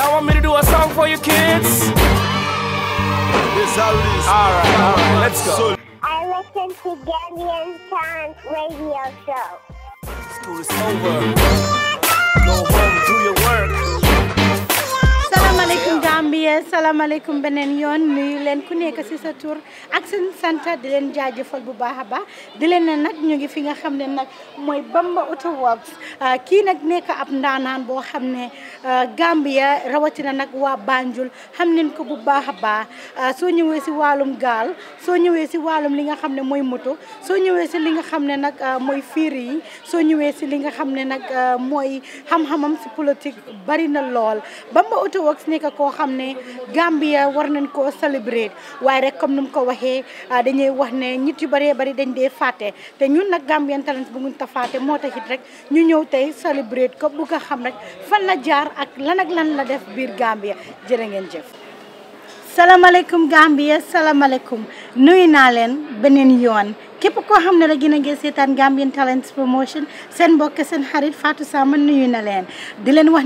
Y'all want me to do a song for you kids? Alright, alright, let's go. I listen to and Town radio show. School is over. Go home, do your work. salaamaaleykum Gambia salaamaaleykum beneen yoon nuyu leen ku nekk ci sa tur ak seen di leen jaajëfal bu baax a baax di leen ne nag ñu ngi fi nga xam ne nag mooy Bamba Auto Works ah, kii nag nekk ab ndaanaan boo xam ne ah, Gambia rawatina nag waa Banjul xam nañ ko bu baax a baax ah, soo ñëwee ci wàllum gaal soo ñëwee ci wàllum li nga xam ne mooy moto soo ñëwee ci li nga xam ne nag mooy fiir yi soo ñëwee ci li nga xam ne nag mooy xam-xamam ci politique bari na lool Bamba Auto nekk koo xam ne Gambia war nañ koo célébrer waaye rek comme nu mu ko waxee ah, dañuy wax ne nit yu bëree bëri dañ de fàtte te ñun nag Gambian Talents bu nguñ ta fàtte moo taxit rek ñu ñëw tey célébrer ko bu nga xam rek fan la jaar ak lan ak lan la def biir Gambia jërë ngeen jëf Assalamualaikum Gambia Assalamualaikum. nuyu naa benin yon. Kepo képp koo xam ne rek Gambian Talents Promotion Sen mbokk kesen harit fatu saman nui nalen. Dilen wah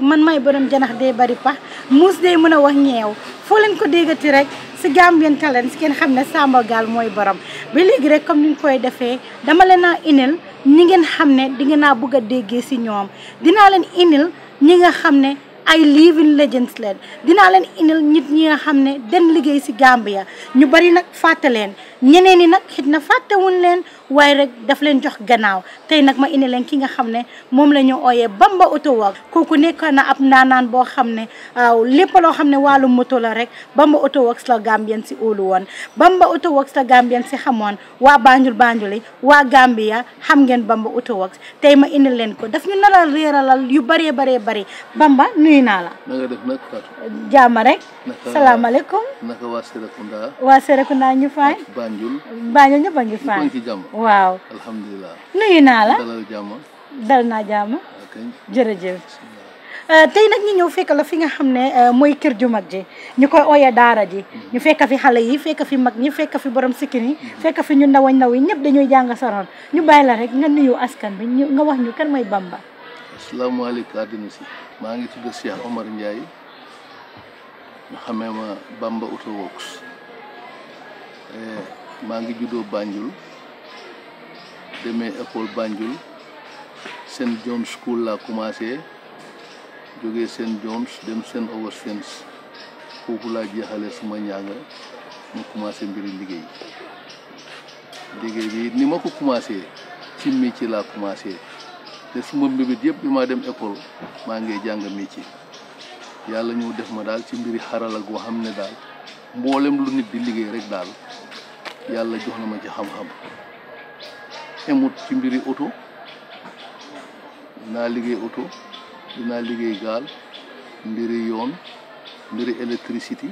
man mai borom Janah De bari pa. Mus de muna wah wax Fulen ko dega tirek. Se Gambian Talents ken Ham nasa mo gal moi borom Bili gire kom comme ni ñu koy dama inil Ningen Hamne ne di ngeen a inil Ninga Hamne ay living legends leen dinaa leen indil nit ñi nga xam ne den liggéey si Gambia ñu bari nag fàtte leen ñeneen ñi nag xit na fàttewuñ leen waaye rek daf leen jox gannaaw tey nag ma indi leen ki nga xam ne moom la ñu ooyee Bamba Auto Works kooku nekk na ab ndaanaan boo xam ne waaw lépp loo xam ne wàllu moto la rek Bamba Auto Works la Gambien si óolu woon Bamba Auto Works la Gambien si xamoon waa Banjul Banjuli waa Gambia xam ngeen Bamba Auto Works tey ma indi leen ko daf ñu naral réeralal yu bëree bëree bëri Bamba nuyu naa la na nga def nag Fatou jaama rek salaamaaleykum naka waa Serekunda waa ñu faay ñëpp waaw alhamdulilah nuyu naa la dalal jàmm dal naa jàmm jërëjëf eh, tey nag ñu ñëw fekk la fi nga xam ne eh, mooy kër ju mag ji ñu koy oye daara ji ñu fekk fi xale yi fekk fi mag ñi fekk fi borom sikkin yi fekk fi ñu ndaw a ndaw yi ñëpp dañuy jàng saroon ñu bàyyi la rek nga nuyu askan bi ñu nga wax ñu kan mooy Bamba asalaamaaleykum àddina si maa ngi tudd Cheikh Omar Ndiaye ñu xamee ma Bamba Auto Works eh, maa ngi juddoo Banjul demee école Banjul St John's School laa commencé jóge St John's dem St Augustine's foofu laa jeexale suma ñaanga ma commencé mbiri liggéey liggéey bi ni ma ko commencé ci métier laa commencé te suma mbibit yëpp bi maa dem école maa ngi jàng métier yàlla ñëw def ma daal ci mbiri xarala goo xam ne daal mboolem lu nit di liggéey rek daal yàlla jox na ma ci xam-xam emut ci mbiri oto dinaa liggéey oto dinaa liggéey gaal mbiri yoon mbiri électricité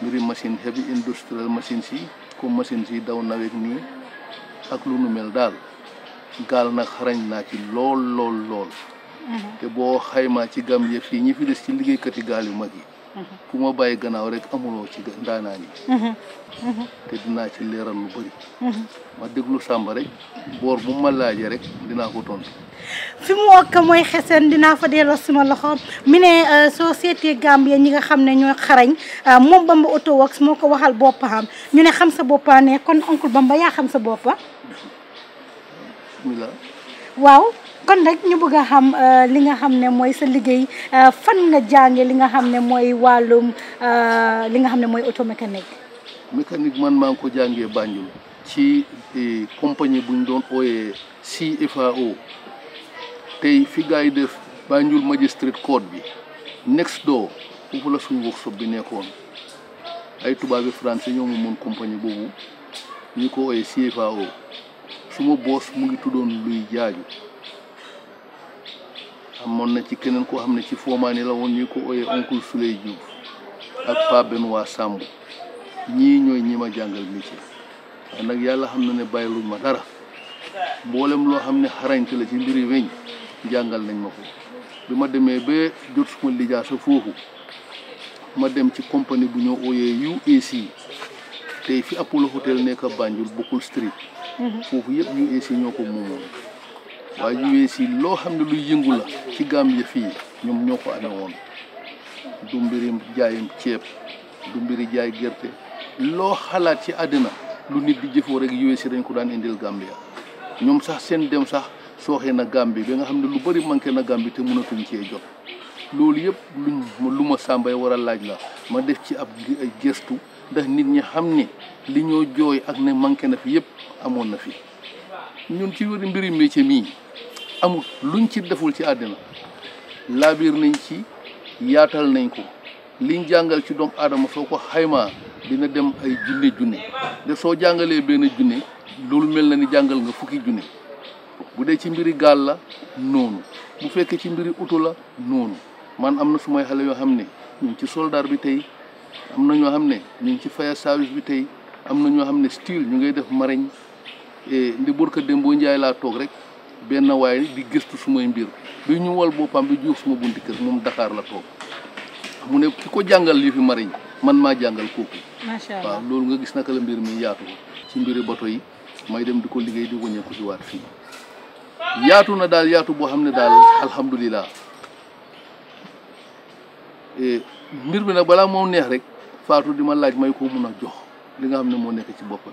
mbiri machine heavy industrial machine si comme machine si daw nawet nii ak lu nu mel daal gaal nag xarañ naa ci lool lool lool mhm. te boo xaymaa ci gam yëf yi ñi fi des ci liggéeykati gaal yu mag yi ku ma bàyyi gannaaw rek amuloo ci ndaanaan yi te dinaa ci leeral lu bëri ma déglu Samba rek boor bu ma laajee rek dinaa ko tontu fi mu wokk mooy xeseen dinaa fa delloo suma loxo mi ne euh, soo seetee Gambie ñi nga xam ne ñoo xarañ euh, moom Bamba Auto Works moo ko waxal boppam ñu ne xam sa boppa ne kon oncle Bamba yaa xam sa boppa waaw kon nag ñu bëgg a xam euh, li nga xam ne mooy sa liggéey euh, fan nga jànge li nga xam ne mooy wàllum euh, li nga xam ne mooy auto mécanique. mécanique man maa ngi ko jàngee Banjul ci eh, compagnie buñ doon ooyee CFAO tey fi gars yi def Banjul magistrate court bi next door foofu la suñu workshop nekkoon ay tubaabi français ñoo ma mën compagnie boobu ñu ko ooyee CFAO suma boss mu ngi tuddoon luy jaaju. amoon na ci keneen koo xam ne ci Fomani la woon ñu ko ooyee oncle Souley Diouf ak Pape Benoît Samb ñii ñooy ñi ma jàngal métier waaye nag yàlla xam na ne bàyyiluñ ma dara mboolem loo xam ne xarañte la ci mbiri weñ jàngal nañ ma ko bi ma demee ba jot suma lijaa sa foofu ma dem ci compagnie bu ñoo ooyee UAC tey fi Apollo Hotel nekk Banjul bokkul street mhm. foofu yëpp UAC ñoo ko moomoon waaye US yi loo xam ne luy yëngu la ci Gambie fii ñoom ñoo ko amee woon du mbiri jaayam ceeb du mbiri jaay gerte loo xalaat ci àddina lu nit di jëfoo rek US yi dañ ko daan indil Gambia ñoom sax seen dem sax sooxee na Gambie bi nga xam ne lu bari manqué na bi te mënatuñ cee jot loolu yëpp luñ lu ma sàmbay war a laaj la ma def ci ab gëstu ndax nit ñi xam ne li ñoo jooy ak ne manqué na fi yëpp amoon na fi ñun ci wéru mbiri métier mii amul luñ ci deful ci àddina laabiir nañ ci yaatal nañ ko liñ jàngal ci doomu aadama soo ko xaymaa dina dem ay junne junne de soo jàngalee benn junne loolu mel na ni jàngal nga fukki junne bu dee ci mbiri gaal la noonu bu fekkee ci mbiri utu la noonu man am na su may xale yoo xam ne ñu ci soldaar bi tey am na ñoo xam ne ñu ci fire service bi tey am na ñoo xam ne style ñu ngay def mariñ eh, ndi burka démboo njaay laa toog rek benn waay di gëstu sumay mbir bi ñu wal boppam bi juuf suma bunti kër moom Dakar la toog mu ne ki ko jàngal lii fi mariñ man maa jàngal kooku macha waaw loolu nga gis naka la mbir mi yaatu ci mbir bato yi may dem di ko liggéey di wëññeeku si waat fii yaatu na daal yaatu boo xam ne daal alhamdulilah e, mbir bi nag balaa moo neex rek faatu di ma laaj may ko mun a jox li nga xam ne moo nekk ci bopp boppam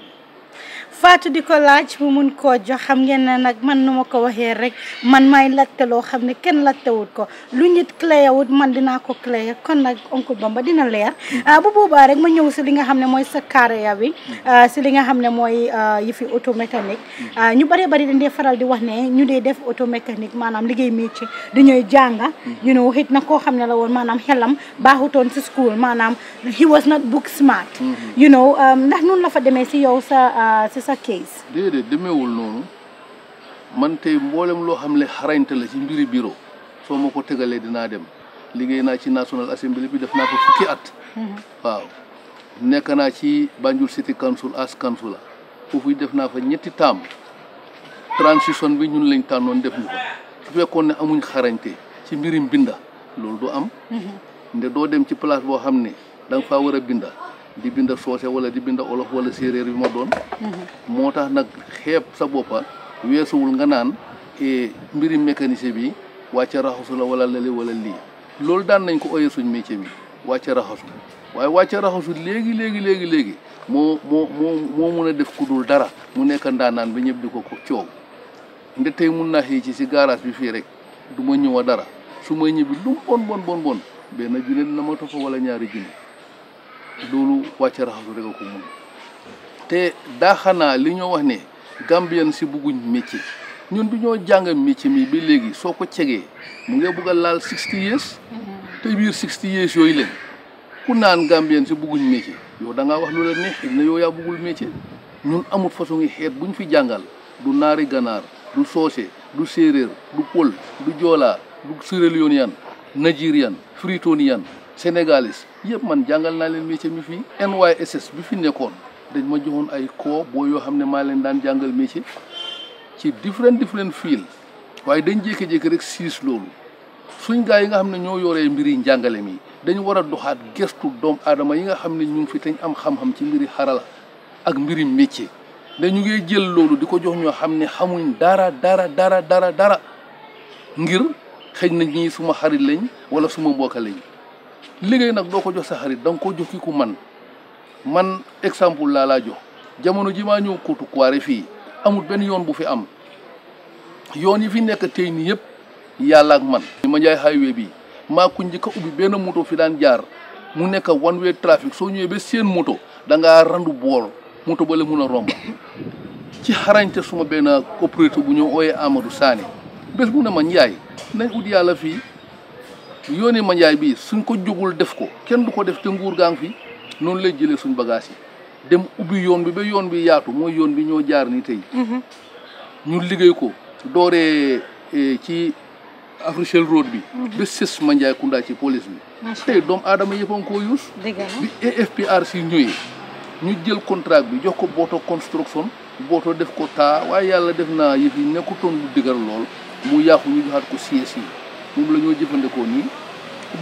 Fatou di ko laaj bu mun koo jox xam ngeen ne nag man nu ma ko waxee rek man may laajte loo xam ne kenn laajtewut ko lu nit clé wut man dinaa ko clé kon nag oncle Bamba dina leer ah, bu boobaa rek ma ñëw si li nga xam ne mooy sa carrière bi ah, si li nga xam ne mooy ah, yi fi auto mécanique ñu bëree bëri dañ de faral di wax ne ñu dee def auto mécanique maanaam liggéey métier dañuy jànga you know xit na koo xam ne la woon maanaam xelam baaxutoon si school maanaam he was not book smart mm-hmm. you know um, la fa demee si yow sa sa case. déedéet demeewul noonu man tey mboolem loo xam ne xarañte la ci mbiri bureau soo ma ko tegalee dinaa dem liggéey naa ci National Assembly bi def naa ko fukki at. Mm-hmm. waaw nekk naa ci Banjul City Council as councillor foofu def naa fa ñetti taam transition bi ñun lañ tànnoon def ñu ko su fekkoon ne amuñ xarañte ci mbirim binda loolu du am. Mm-hmm. nde doo dem ci place boo xam ne da faa war a binda. di binda sosé wala di binda olof wala séeréer bi ma doon nak mhm. tax nag xeeb sa boppa weesuwul nga e mbiri mécanicien bi wacce rahasu la wala lele wala li, lol daan nañ ko oyé suñ métier bi wacce rahasu way wacce rahasu légui mo mo légui mo mo mo mo mëna def ku dul dara mu nekk ndaanaan bi ñëpp ko ko nde tey mun naa ci garage bi fi rek duma ñëwa dara suma ñëbi lu bon bon bon bon benn julen na ma topp wala ñaari julen loolu wàcce raxasu rek a ko mun te daaxanaa li ñoo wax ne Gambien si bugguñ métier ñun bi ñoo jàng métier mi bi léegi soo ko cegee mu ngi bugg a laal sixty years te biir sixty years yooyu leen ku naan Gambien si bugguñ métier yow da ngaa wax lu la neex xëy na yow yaa buggul métier ñun amul façon yi xeet buñ fi jàngal du naari ganaar du soose du séeréer du pël du joolaa du sierra leonean nigerian sénégalais yëpp man jàngal naa leen métier mi fii NYSS bi fi nekkoon dañ ma joxoon ay koo boo yoo xam ne maa leen daan jàngal métier ci different different fiil waaye dañ jékki-jékki rek siis loolu suñ gaa yi nga xam ne ñoo yoree mbiri njàngale mi dañu war a doxaat gestu doom aadama yi nga xam ne ñu ngi fi teñ am xam-xam ci mbiri xarala ak mbiri métier dañu ngi jël loolu di ko jox ñoo xam ne xamuñ dara dara dara dara dara ngir xëj na ñii suma xarit lañ wala suma mbokk lañ liggéey nag doo ko jox sa xarit da nga ko jox ki ku man man exemple laa jox jamono ji maa ñëw Kotu Kuwaare fii amul benn yoon bu fi am yoon yi fi nekk tey nii yëpp yàlla man. ma njaay highway bi maa ku njëkk ubbi benn moto fi daan jaar mu nekk one way soo ñëwee ba seen moto danga ngaa randu bool moto ba la mun a romb ci xarañte suma benn coopérative bu ñu ooyee Amadou Sané bés bu ne ma njaay nañ ut yàlla fii. yoone manjaay bi suñ ko jógul def ko kenn du ko def te nguur gaa ngi fi noonu lay jëlee suñ bagage yi dem ubbi yoon bi ba yoon bi yaatu mooy yoon bi ñoo jaar ni tey mhm. ñu liggéey ko dooree eh, ci Africhel road bi mhm. ba sës manjaay kundaa ci police bi tey doomu aadama yëppan koo yuus bi AFPRC ñëwee ñu jël contrat bi jox ko booto construction booto def ko taa waaye yàlla def naa yëf yi nekkutoon lu digal lool mu yàqu ñu joxaat ko CSI moom la ñoo jëfandikoo nii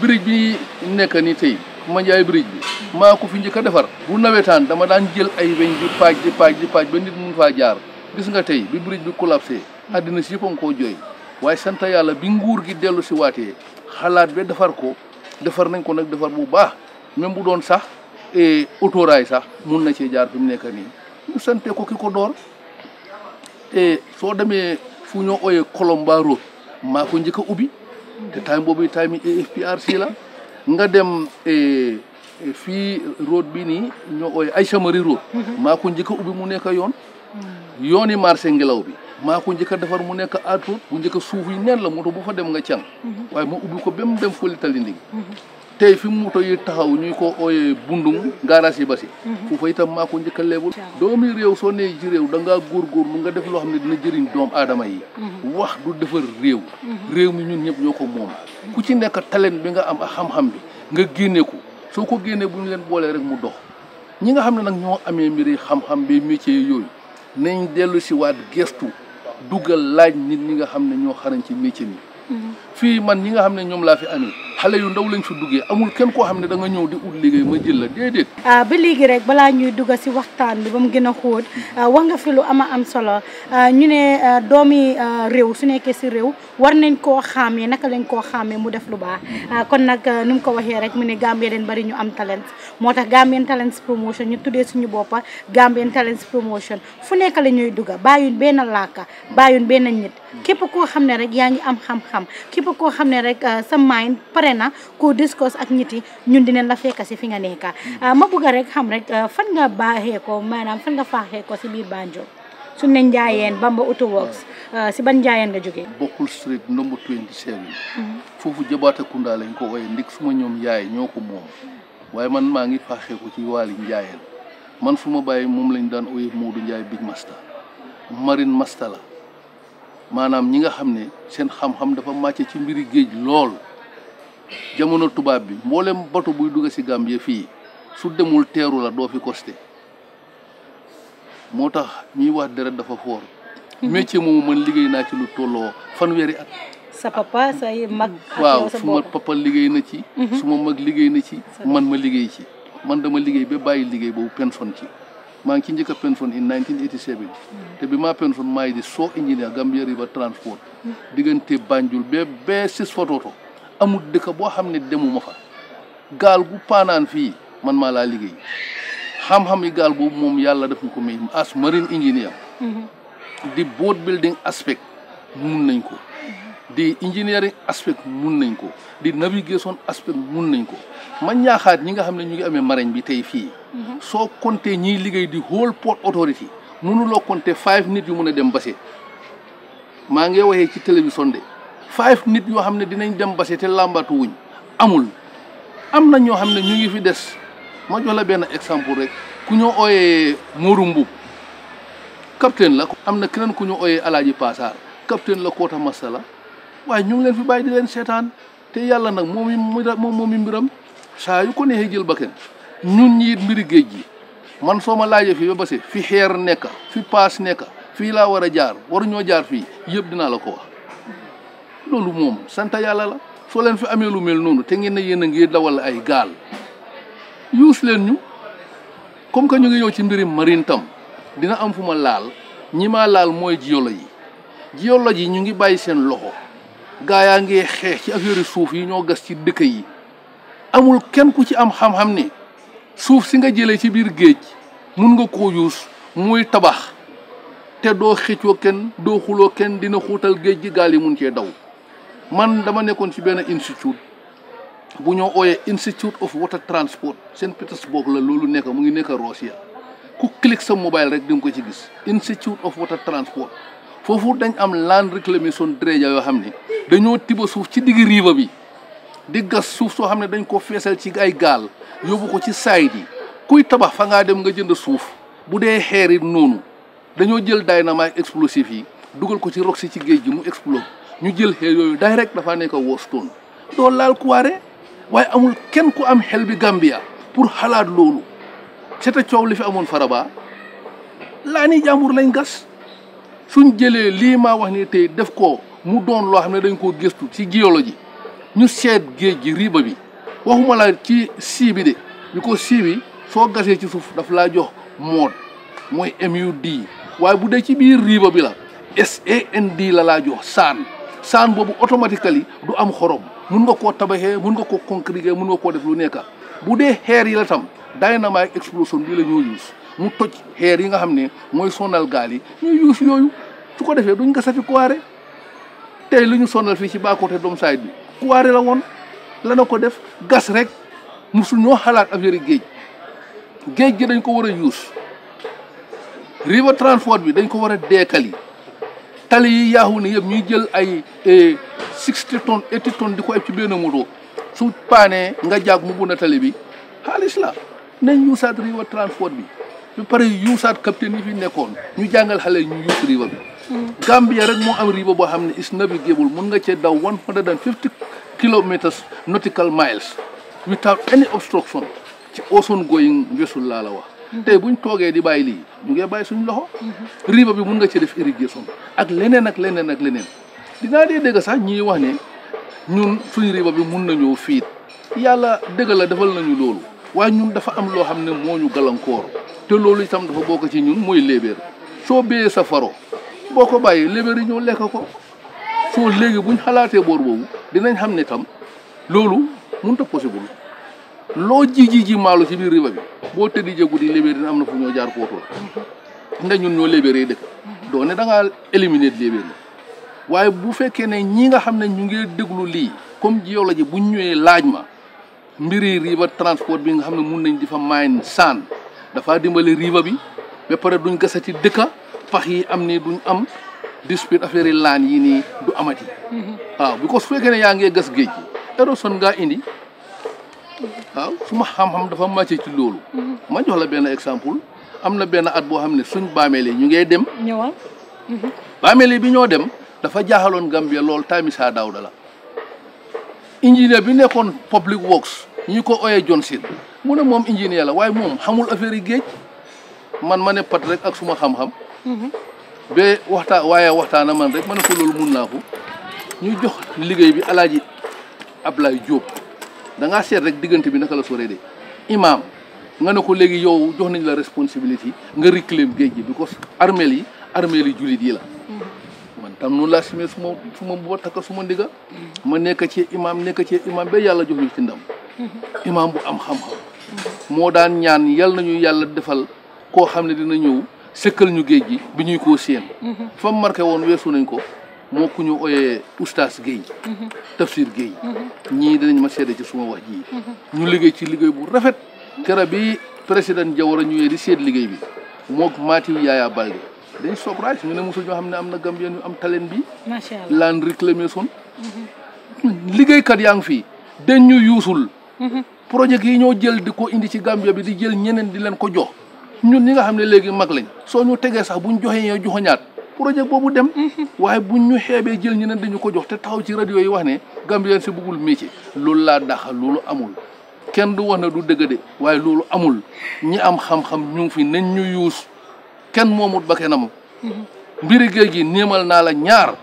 brique bi nekk ni tey ma jaay bi maa ko fi njëkk a defar bu nawetaan dama daan jël ay weñ di paaj di paaj di paaj ba nit mun faa jaar gis nga tey bi brique bi collapsé àddina si yëpp jooy waaye sant yàlla bi nguur gi dellu si waatee xalaat ba defar ko defar nañ ko nag defar bu baax même bu doon sax eh, autoraay sax mun na cee jaar fi mu nekk nii ñu ko ki ko door eh, soo demee fu ñoo ooyee Kolomba Road maa ko njëkk a ubbi te time boobu time AFPRC la nga dem e, e, fii road bi nii ñoo ooy Aïcha Marie mhm. maa ko njëkk ubbi mu nekk yoon mhm. yooni marché ngelaw bi maa ko njëkk a defar mu nekk aat road bu suuf yi neen la moto bu fa dem nga can mhm. waaye ma ubbi ko ba mu dem fële tali ndigi tey fi moto yi taxaw ñuy ko ooyee bundum garage yi basi mhm. foofa itam maa ko njëkk a doomi réew soo nee ji réew da ngaa góorgóorlu nga def loo xam ne dina jëriñ doom aadama yi mhm. wax du defar réew mhm. réew mi ñun ñëpp ñoo ko moom ku ci nekk talent bi nga am ak xam-xam bi nga génne ko soo ko génnee bu ñu leen boolee rek mu dox ñi nga xam ne nag ñoo amee mbiri xam-xam bi métier yooyu nañ dellu si waat gestu duggal laaj nit ñi nga xam ne ñoo xarañ ci métier mi man ñi nga xam ne ñoom laa fi amee xale yu ndaw lañ fi duggee amul kenn koo xam ne da nga ñëw di ut liggéey ma jël la déedéet. Ah, ba léegi rek balaa ñuy dugg si waxtaan bi ba mu gën a xóot ah, wax nga fi lu ama am solo ah, ñu ne doomi réew su nekkee si réew war nañ koo xàmmee naka lañ koo xàmmee mu def lu baax kon nag nu ko waxee rek mu ne Gambien dañ bari ñu am talent moo tax Gambien Talents Promotion ñu tuddee suñu boppa Gambien Talents Promotion fu nekk la ñuy dugg bàyyuñ benn laaka bàyyuñ benn nit képp koo xam ne rek yaa ngi am xam képp koo xam ne rek sa pare na ku discuss ak nit yi ñun dinañ la fekk si fi nga nekka ah, ma bëgg rek xam rek ah, fan nga baaxee ko maanaam fan nga faaxee ko si biir Banjul su ne njaayeen Bamba Auto Works ah, si ban njaayeen nga jógee Bokkul street number 27 mm-hmm. foofu Jabaate Kunda lañ ko ooyee ndik suma ñoom yaay ñoo ko moom waaye man maa ngi faaxee ko ci waali njaayeen man fu ma bàyyi moom lañ daan ooyee du Njaay Big Master marine master maanaam ñi nga xam ne seen xam-xam dafa màcce ci mbiri géej lool jamono tubaab bi mboolem bato buy dugg si Gambie fii su demul teeru la doo fi costé moo tax ñuy wax deret dafa foor métier moomu man liggéey naa ci lu tolloo fanweeri at. sa papa say mag. waaw su ma papa liggéey na ci. Mhm. su ma mag liggéey na ci. man ma liggéey ci man dama liggéey ba bàyyi liggéey boobu pension ci. maa ngi ci njëkk a pension in 1987 mm. te bi maa pension maa ngi di soo ingénieur Gambia River Transport mm. diggante bànjul ba ba six fototo amul dëkk boo xam ne demuma fa gaal gu paanaan fii man maa laa liggéey xam-xam yi gaal boobu moom yàlla def ñu ko may as marine engineer mhm. di boat building aspect mun nañ ko di engineering aspect mun nañ ko di navigation aspect mun nañ ko ma ñaaxaat ñi nga xam ne ñu ngi amee marine bi tey fii mhm. soo compté ñiy liggéey di whole port authority mënuloo konte five nit yu mën a dem base maa ngi waxee ci télévision de five nit yoo xam ne dinañ dem basi te làmbatu wuñ amul am na ñoo xam ne ñu ngi fi des ma jox la benn exemple rek ku ñu ooyee Mooru Mbub capitaine la am na keneen ku ñu ooyee Alaaji Paasaar capitaine la Koota Masala waaye ñu ngi leen fi bàyyi di leen seetaan te yàlla nag moo moom moom mbiram saa yu ko ne jël bakkan ñun ñi it mbiri gi man soo ma laajee fii ba basi fi xeer nekka fi paas nekka fii laa war a jaar waruñoo jaar fi yëpp dinaa la ko wax loolu moom sant yàlla la soo leen fi amee lu mel noonu te ngeen ne yéen a ngi dawal ay gaal yuusleen ñu comme que ñu ngi yow ci mbirim marintam dina am fu ma laal ñi ma laal mooy géologue yi géologue yi ñu ngi bàyyi seen loxo gaa yaa ngi xeex ci affaire suuf yi ñoo gas ci dëkk yi amul kenn ku ci am xam-xam ni suuf si nga jëlee ci biir géej mun nga koo yuus muy tabax te doo xëccoo kenn doo xuloo kenn dina xuutal géej gi gaal yi mun cee daw man dama nekkoon ci benn institute bu ñoo ooyee institute of water transport Saint Petersburg la loolu nekk mu ngi nekk Russia ku click sa mobile rek di nga ko ci gis institute of water transport foofu dañ am land reclamation dredge yoo xam ne dañoo tiba suuf ci digg riiva bi di gas suuf soo xam ne dañ ko feesal ci ay gaal yóbbu ko ci saayit yi kuy tabax fa ngaa dem nga jënd suuf bu dee xeer it noonu dañoo jël dynamite explosif yi dugal ko ci rox si ci géej gi mu explose ñu jël xel yooyu direct dafaa nekk Washington doo laal Kuwaare waaye amul kenn ku am xel bi Gambia pour xalaat loolu c'était coow li fi amoon Faraba laa ni jàmbur lañ gas suñ jëlee lii maa wax ni tey def ko mu doon loo xam ne dañ koo gëstu ci géologie ñu seet géej gi riba bi waxuma la ci sii bi de bi ko sii bi soo gasee ci suuf daf laa jox mood mooy di waaye bu dee ci biir riba bi la SAND la laa saan saan boobu automatiquement du am xorom mun nga koo tabaxee mun nga koo concrétiser mun nga koo def lu nekk bu dee xeer yi la tam dynamite explosion bii la ñoo yuus mu toj xeer yi nga xam ne mooy sonal gaal yi ñuy yuus yooyu su ko defee duñ nga sati Kuwaare te li ñu sonal fii ci baakote doom saay bi Kuwaare la woon la na ko def gas rek musul ñoo xalaat affaire géej géej gi dañ ko war a yuus river transport bi dañ ko war a deekali tali yi yaaxu ne yëpp ñuy jël ay eh, sixty tonnes di ko eb ci benn moto su paanee nga jàpp mu bunda tali bi xaalis la nañ yuusaat riiwa transport bi ba pare yuusaat capitaine yi fi nekkoon ñu jàngal xale ñu yuus riiwa bi mm. Gambia rek moo am riiwa boo xam ne is navigable mun nga cee daw one hundred and fifty kilometers nautical miles without any obstruction ci ocean going vessel laa la wax tey buñ toogee di bàyyi lii ñu ngee bàyyi suñu loxo mm-hmm. riba bi mun nga ci def irrigation ak leneen ak leneen ak leneen dinaa dee dégg sax ñuy wax ne ñun suñu riba bi mun nañoo fiit yàlla dëgg la nañu loolu waa ñun dafa am loo xam ne mooñu ñu gàllankoor te loolu itam dafa bokk ci ñun mooy léebéer soo béyee sa faro boo ko bàyyi léebéer yi ñoo lekk ko soo léegi buñ xalaatee boor boobu dinañ xam ne tam loolu mënut a possible loo ji ji ji maalo ci biir riba bi boo tëddi ja guddi lébéri dina am na fu ñoo jaar footu la nda ñun ñoo lébéré dëkk doo ne da ngaa éliminer waaye bu fekkee ne ñi nga xam ne ñu ngi déglu lii comme yow la ji bu ñëwee laaj ma mbiri riba transport bi nga xam ne mun nañ di fa saan dafa dimbale riba bi ba pare duñ gasati dëkka pax yi am nii duñ am dispute affaire laan yi nii du amati mm-hmm. waaw because su fekkee ne yaa ngi gas géej gi érosion indi waaw suma xam-xam dafa màcce ci loolu. Mhm. ma jox la benn exemple am na benn at boo xam ne suñ bàmmeele ñu ngay dem. ñëwaat. Mhm. bàmmeele bi ñoo dem dafa jaaxaloon Gambia lool Tamisa Dawda la. ingénieur bi nekkoon public works ñu ko oyee Johnson mu ne moom ingénieur la waaye moom xamul affaire yi géej man ma ne pat rek ak suma xam-xam. Mhm. ba waxtaan waaye waxtaana man rek ma ne ko loolu mun naa ko ñu jox liggéey bi alaaji Ablaye Diop. da ngaa seet rek diggante bi naka la sore de imaam nga ne ko léegi yow jox nañ la responsabilité nga réclamer géej gi because armeel yi armeel yi jullit yi la mm-hmm. man tam noonu laa simee suma suma mbuba takk suma ndiga ma nekk ci imaam nekk ci imaam ba yàlla jox ñu ci ndam mm-hmm. bu am xam-xam mm-hmm. moo daan ñaan yal nañu yàlla defal koo xam ne dina ñëw sëkkal ñu géej gi bi ñuy koo seen fa mu woon weesu nañ ko moo ku ñu ooyee oustaz tafsir Guèye ñii dinañ ma seede ci suma wax ji ñu liggéey ci liggéey bu rafet kera bi président Jawara ñëwee di seet liggéey bi mook maatiw Yaya Balde dañ surprise ñu ne mosul ñoo xam ne am Gambien am talent bi lan réclamé son liggéeykat yaa ngi fii dañ ñu yuusul mhm. projet yi ñoo jël indi ci Gambia bi di jël ñeneen di leen ko jox ñun ñi nga xam ne léegi mag lañ soo ñu tegee sax buñ joxee ñoo projet boobu dem. Mhm. waaye bu ñu xeebee jël ñu ne dañu ko jox te taxaw ci rajo yi wax ne Gambien si bëggul métier loolu laa daxa loolu amul. kenn du wax ne du dëgg de waaye loolu amul ñi am xam-xam ñu ngi fi nañ ñu yuus kenn moomut ba kenam. Mhm. mbiri géej gi néemal naa la ñaar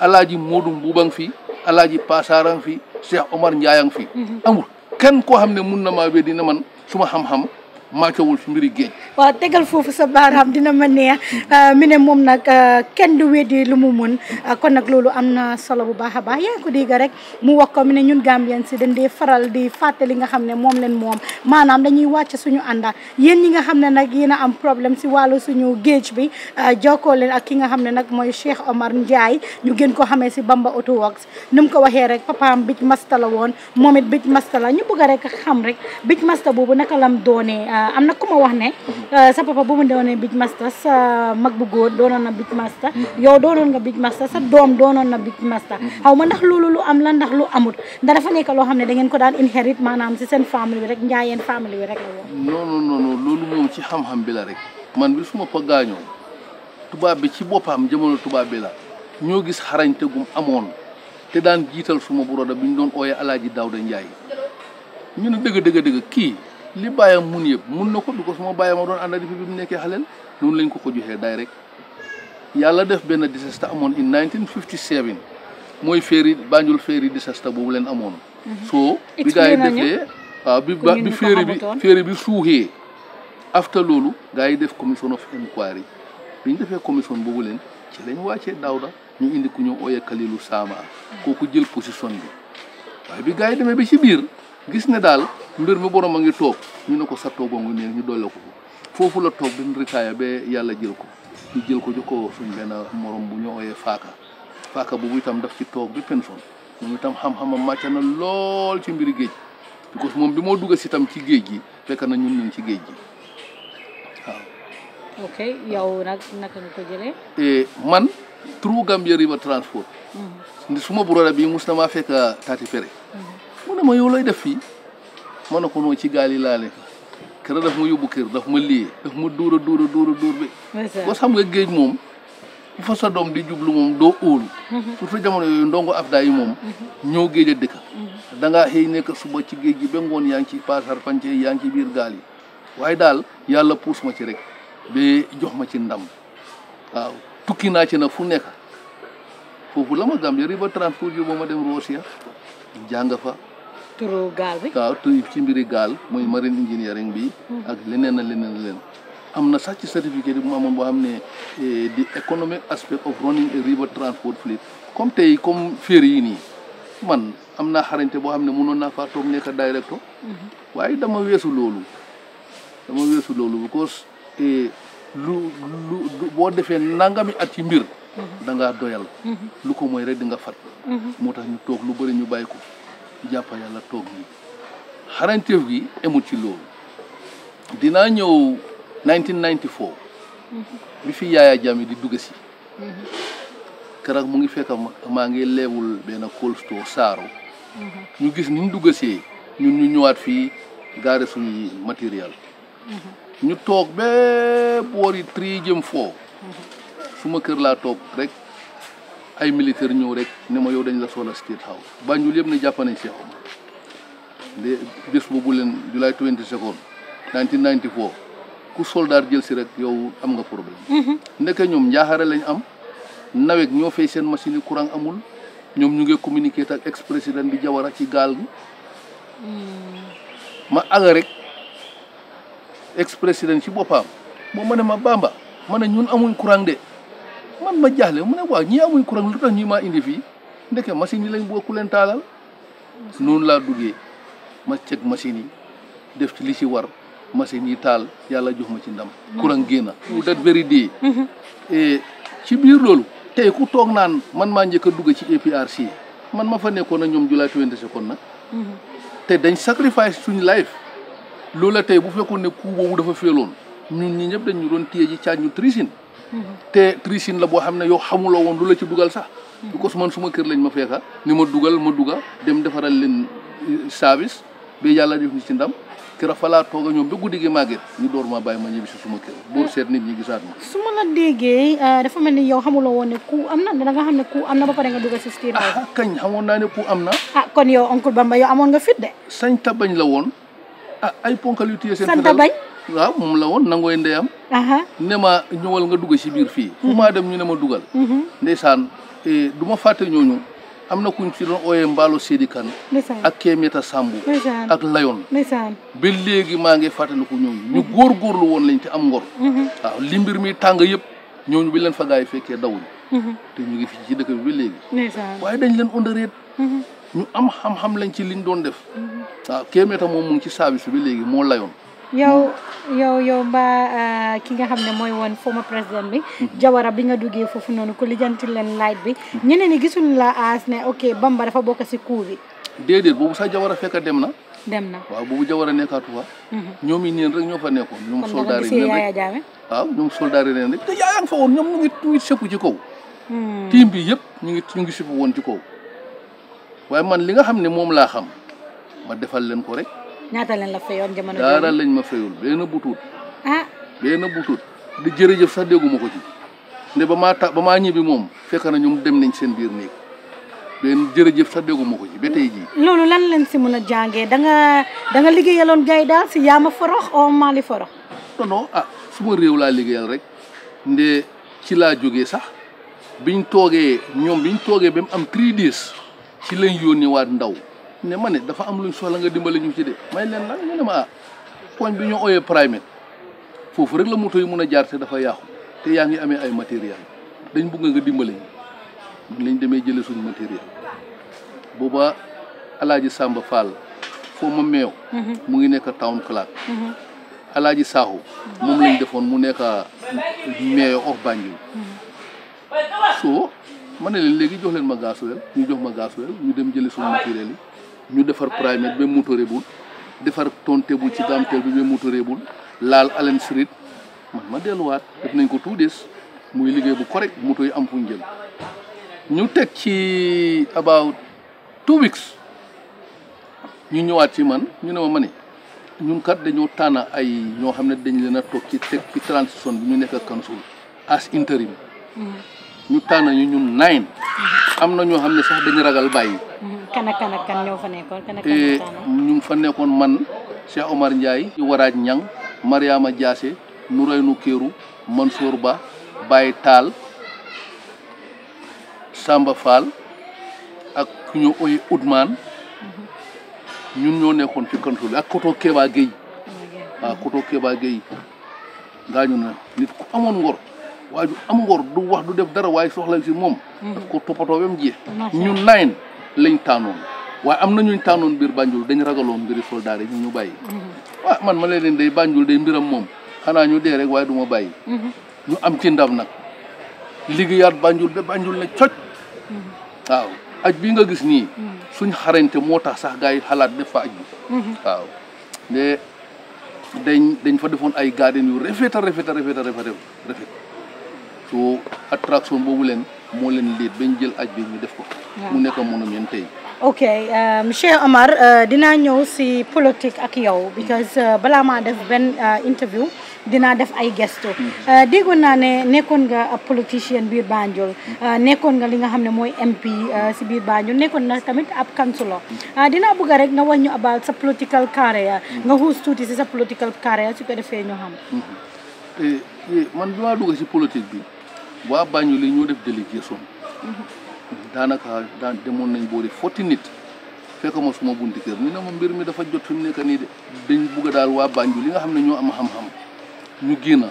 alaaji Modou Mbuubang fi alaaji Pasarang fi Cheikh Omar Ndiayang fi. Mhm. amul kenn ko xam ne mun na maa weddi ne man suma xam-xam. màccewul ci mbiri géej waaw tegal foofu sa baaraam dina ma neex ah, mi ne moom nag ah, kenn du weddi lu mu mun ah, kon nag loolu am na solo bu baax a yaa ko dégg rek mu wax ko ñun Gambien si dañ dee faral di fàtte li nga xam ne moom leen moom maanaam dañuy wàcc suñu ànda yéen ñi nga xam ne nag am problème si wàllu suñu géej bi jokkoo leen ak ki nga xam ne nag Cheikh Omar Ndiaye ñu gën ko xamee si Bamba Auto Works ni mu ko waxee rek papaam bij master la woon moom it bij masta la ñu bëgg rek xam rek bij masta boobu naka lam doonee Eh, am na wax ne eh, sa papa bu mu big master sa mag bu goor doonoon na big master yow doonoon nga big master sa dom doonoon na big master xawma ndax lolu lu am la ndax lu amut ndax dafa nek lo xamne da ngeen ko daan inherit manam ci sen family bi rek njaayeen family bi rek la woon non non non lolu mom ci xam-xam bi la rek man bi suma pa gaañoo tuba bi ci bopam jëmono tuba bi la ñoo gis xarañte gum amone te daan jital suma broda bi ñu doon ooyee alaaji dawda Njaay ñu ne deug deug deug ki li bàyyam mun yëpp mun na ko bi ko suma bàyyam a doon ànd di fi bi mu nekkee xaleel noonu lañ ko ko joxee day rek yàlla def benn disaster amoon in 1957 mooy féeri Banjul féeri disaster boobu leen amoon mhm. soo bi gars yi defee waaw bi bi féeri bi féeri bi suuxee after loolu gars yi def commission of inquiry bi ñu defee commission boobu leen ci lañ wàccee Dawda ñu indi ku ñëw ooyee Kalilu Sama kooku jël position bi waaye bi gars yi demee ba ci biir gis ne daal mbir mi borom a ngi toog ñu ne ko sa toog ngi nii ñu doole ko foofu la toog bi mu ritaaya ba yàlla jël ko ñu jël ko jox benn morom bu ñu ooyee faaka faaka boobu itam daf ci toog bi pension moom itam xam-xamam màcc na lool ci mbiri géej parce moom bi moo dugg si tam ci géej gi fekk na ñu ngi ci géej gi waaw. ok yow naka nga ko jëlee. Eh, man trou Gambia River Transport. Mm-hmm. suma broda bi mos na maa fekk taati pere. Mm-hmm. ne ma yow lay def fii ma ne ko noo ci gaal yi laale kër daf ma yóbbu kër daf ma liyee daf ma dóor a dóor a dóor a nga géej moom fa sa doom di jublu moom doo óolu surtout mhm. jamono yooyu ndongo afda moom mhm. ñoo géej a dëkk mhm. da xëy nekk suba ci géej gi ba ngoon yaa ngi ci paasar fance yaa ngi ci biir gaal yi waaye daal yàlla puus ma ci rek ba jox ma ci ndam waaw tukki naa ci nag fu nekk foofu la ma Gambie riba transport yóbbu ma dem Russia turu gaal bi. waaw tu ci mbiri gaal muy marine engineering bi. ak leneen ak leneen leneen. am na sax ci certificat bi boo xam ne eh, di economic aspect of running a river transport fleet comme tey comme ferry yi nii man am na xarañte boo xam ne mënoon naa faa toog nekk directeur mm-hmm. waaye dama weesu loolu dama weesu loolu because eh, lu boo defee nangami at ci mbir mm-hmm. da doyal mm-hmm. lu ko mooy rek nga fat moo tax ñu toog lu bëri ñu bàyyi ko jàpp yàlla tok ni xarañteef gi emu ci lool dina ñew 1994 mhm. bi fi Yaya jami di dugg si mhm. keroog mu ngi fekk ma ngi lewul ben cold store saaru mhm. ñu gis ni ñu dugg see ñun ñu ñëwaat fi gaare suñu matériel ñu tok be boori 3 jëm suma kër la tok rek ay militaire ñëw rek ne ma yow dañ la soona state house banjul yëpp ne japp nañ Cheikh de bis bu july 20 second 1994 ku soldat jël ci rek yow am nga problème mhm. ndeke ñom lañ am nawek ño fay seen machine courant amul ñom ñu ngi communiquer ak ex président bi jawara ci gal gi mm. ma aga rek ex président ci mana mo ma ma bamba mané ñun amuñ courant de man ma jaaxle mu ne waaw ñii amuñ courant lu tax ñii maa indi fii ndeke machine yi lañ bokku leen taalal noonu laa duggee ma ceg machine yi def ci li ci war machine yi taal yàlla jox ma ci ndam courant génn that very day ci biir loolu tey ku toog naan man maa njëkk dugg ci APRC man ma fa nekkoon ak ñoom July 22 kon nag te dañ sacrifice suñu life loola tey bu fekkoon ne ku boobu dafa féeloon ñun ñi ñëpp dañ ñu doon téye ji caaj ñu trisin te tricine la boo xam ne yow xamuloo woon lu la ci dugal sax du ko man suma kër lañ ma fekka ni ma dugal ma duga dem defaral leen euh, service ba yàlla def ni ci ndam kër falaa toog a ñoom ba guddi gi màgget ñu door ma baay ma ñibbi si suma kër boo seet nit ñi gisaat ma su la déggee euh, dafa mel ni yow xamuloo woon ne ku am na da nga xam ne ku am na ba pare nga dugal si stér ah kañ xamoon naa ne ku am na ah kon yow oncle Bamba yow amoon nga fit de sañ bañ la woon ah ay ponkal yu téye waaw moom la woon nangooy ndeyam. ne ma ñëwal nga dugg si biir fii. fu maa dem ñu ne ma dugal. Mhm. ndeysaan du ma fàtte ñooñu am na kuñ ci doon ooyee Mballo Sédi Kane. ak Kéemeta Sambu. ak Layon. ba léegi maa ngi fàttaliku ñooñu ñu mhm. góorgóorlu woon lañ ci am ngor. Mhm. waaw li mbir mi tàng yëpp ñooñu bi leen fa gaa fekkee dawul. te ñu ngi fi ci dëkk bi ba léegi. waaye dañ leen underrate. ñu am xam-xam lañ ci liñ doon def. waaw Kéemeta moom mu ci service bi ba léegi moo Layon. yow yow yow mbaa ah, ki nga xam ne mooy woon former président bi Jawara bi nga duggee foofu noonu ku lijjanti leen laaj bi ñeneen ñi gisuñu la as ne ok Bamba dafa bokk si coup bi déedéet boobu sax Jawara fekk dem na dem na waaw boobu Jawara nekkaatu fa mhm. ñoom yi neen rek ñoo fa nekkoon ñoom soldaar yi neen rek ñoom soldaar yi neen rek te yaa ngi fa woon ñoom ñu ngi ñu ci kaw tiim hmm. bi yëpp ñu ngi ñu ngi sëpp woon ci kaw waaye man li nga xam ne moom laa xam ma defal leen ko rek ñaata lañ la fayoon jamono dara lañ ma fayul benn butuut ah benn butuut di jërëjëf sax dégguma ko ci nde ba maa ta ba maa ñibbi moom fekk na ñoom dem nañ seen biir néeg benn jërëjëf sax dégguma ko ci ba tey jii loolu lan leen si mën a jàngee danga nga da nga liggéeyaloon gars daal si yaama forox o maali forox non non ah suma réew laa liggéeyal rek nde ci laa jóge sax biñ toogee ñoom biñ toogee ba mu am 3 dies ci lañ yónni waat ndaw ne mané dafa am luñ soxla nga dimbalé ñu ci dé may leen lan ñu ne ma ah poñ bi ñu oyé primate fofu rek la moto yu mëna jaar té dafa yaaxu té yaa ngi ay matériel dañ bëgg nga dimbalé ñu lañ démé jël suñu matériel boba alaaji samba fall fo mo mew mhm. mu ngi nekk town clerk mhm. alaaji sahu mom lañ defoon mu nekk meeyo of banjul mhm. so mané leen légui jox leen ma gasuel ñu jox ma gasuel ñu dem jël suñu matériel ñu mu primate ba défar tonté bu ci gamtel bi ba motorable laal alen Street man ma wat def nañ ko tout dess muy liggéey bu correct mu yi am fu ñu ñu tek ci about two weeks ñu ñëwaat ci man ñu ne ma ma ñun kat dañu tana ay ño xam dañ leena tok ci tek ci transition bi ñu nekk council as interim mm-hmm. ñu tana ñu ñun nine amna ño ñoo sax dañu ragal bàyyi kan ak kan ak kan ñoo fa nekkoon fa nekkoon man Cheikh Omar Ndiaye Waraaj Ñang Mariama Diassé Nouraynou Kéeru Mansour Ba Baye Taal Samba Fall ak ku ñu oy ñun ñoo nekkoon ci kantu bi ak koto Kéba Guèye waaw koto Kéba Guèye gaañu na nit ku amoon ngor waaye am ngor du wax du def dara waaye soxla si moom hmm. ko toppatoo ba ñun naayn lañ taanoon waaye am na ñuñ taanoon biir Banjul dañ ragaloon mbiri soldaar yi ñu ñu bàyyi waaw mhm. ah, man ma leen day Banjul day mbiram moom xanaa ñu dee rek waaye du ma bàyyi mhm. ñu am ci ndam nag liggéeyaat Banjul ba Banjul ne coj mhm. waaw aj bi nga gis nii suñ xarañte moo tax sax gars yi xalaat def fa aj bi waaw de dañ dañ fa defoon ay garden yu rafet a rafet a rafet a rafet leen moo leen liit bañ jël aj bi ñu def ko mu nekk mënu ñun tey ok euh, monsieur Omar euh, dinaa ñëw si politique ak yow because euh, balaa maa def benn interview dinaa def ay gestu mm-hmm. déggoon naa ne nekkoon nga ab politicien biir Banjul mm-hmm. nekkoon nga li nga xam ne MP si biir Banjul nekkoon na tamit ab councilor mm-hmm. dinaa bëgg rek nga wax ñu about sa political career nga xuus tuuti si sa political career su ko defee ñu xam eh, eh, man bi dugg si politique bi waa Banjul li ñoo def délégation mhm. daanaka daan demoon nañ boori fotti nit fekk ma suma bunti kër ñu ne ma mbir mi dafa jot fi mu nekk nii de dañ bugg daal waa Banjul li nga xam ne ñoo am xam-xam ñu génn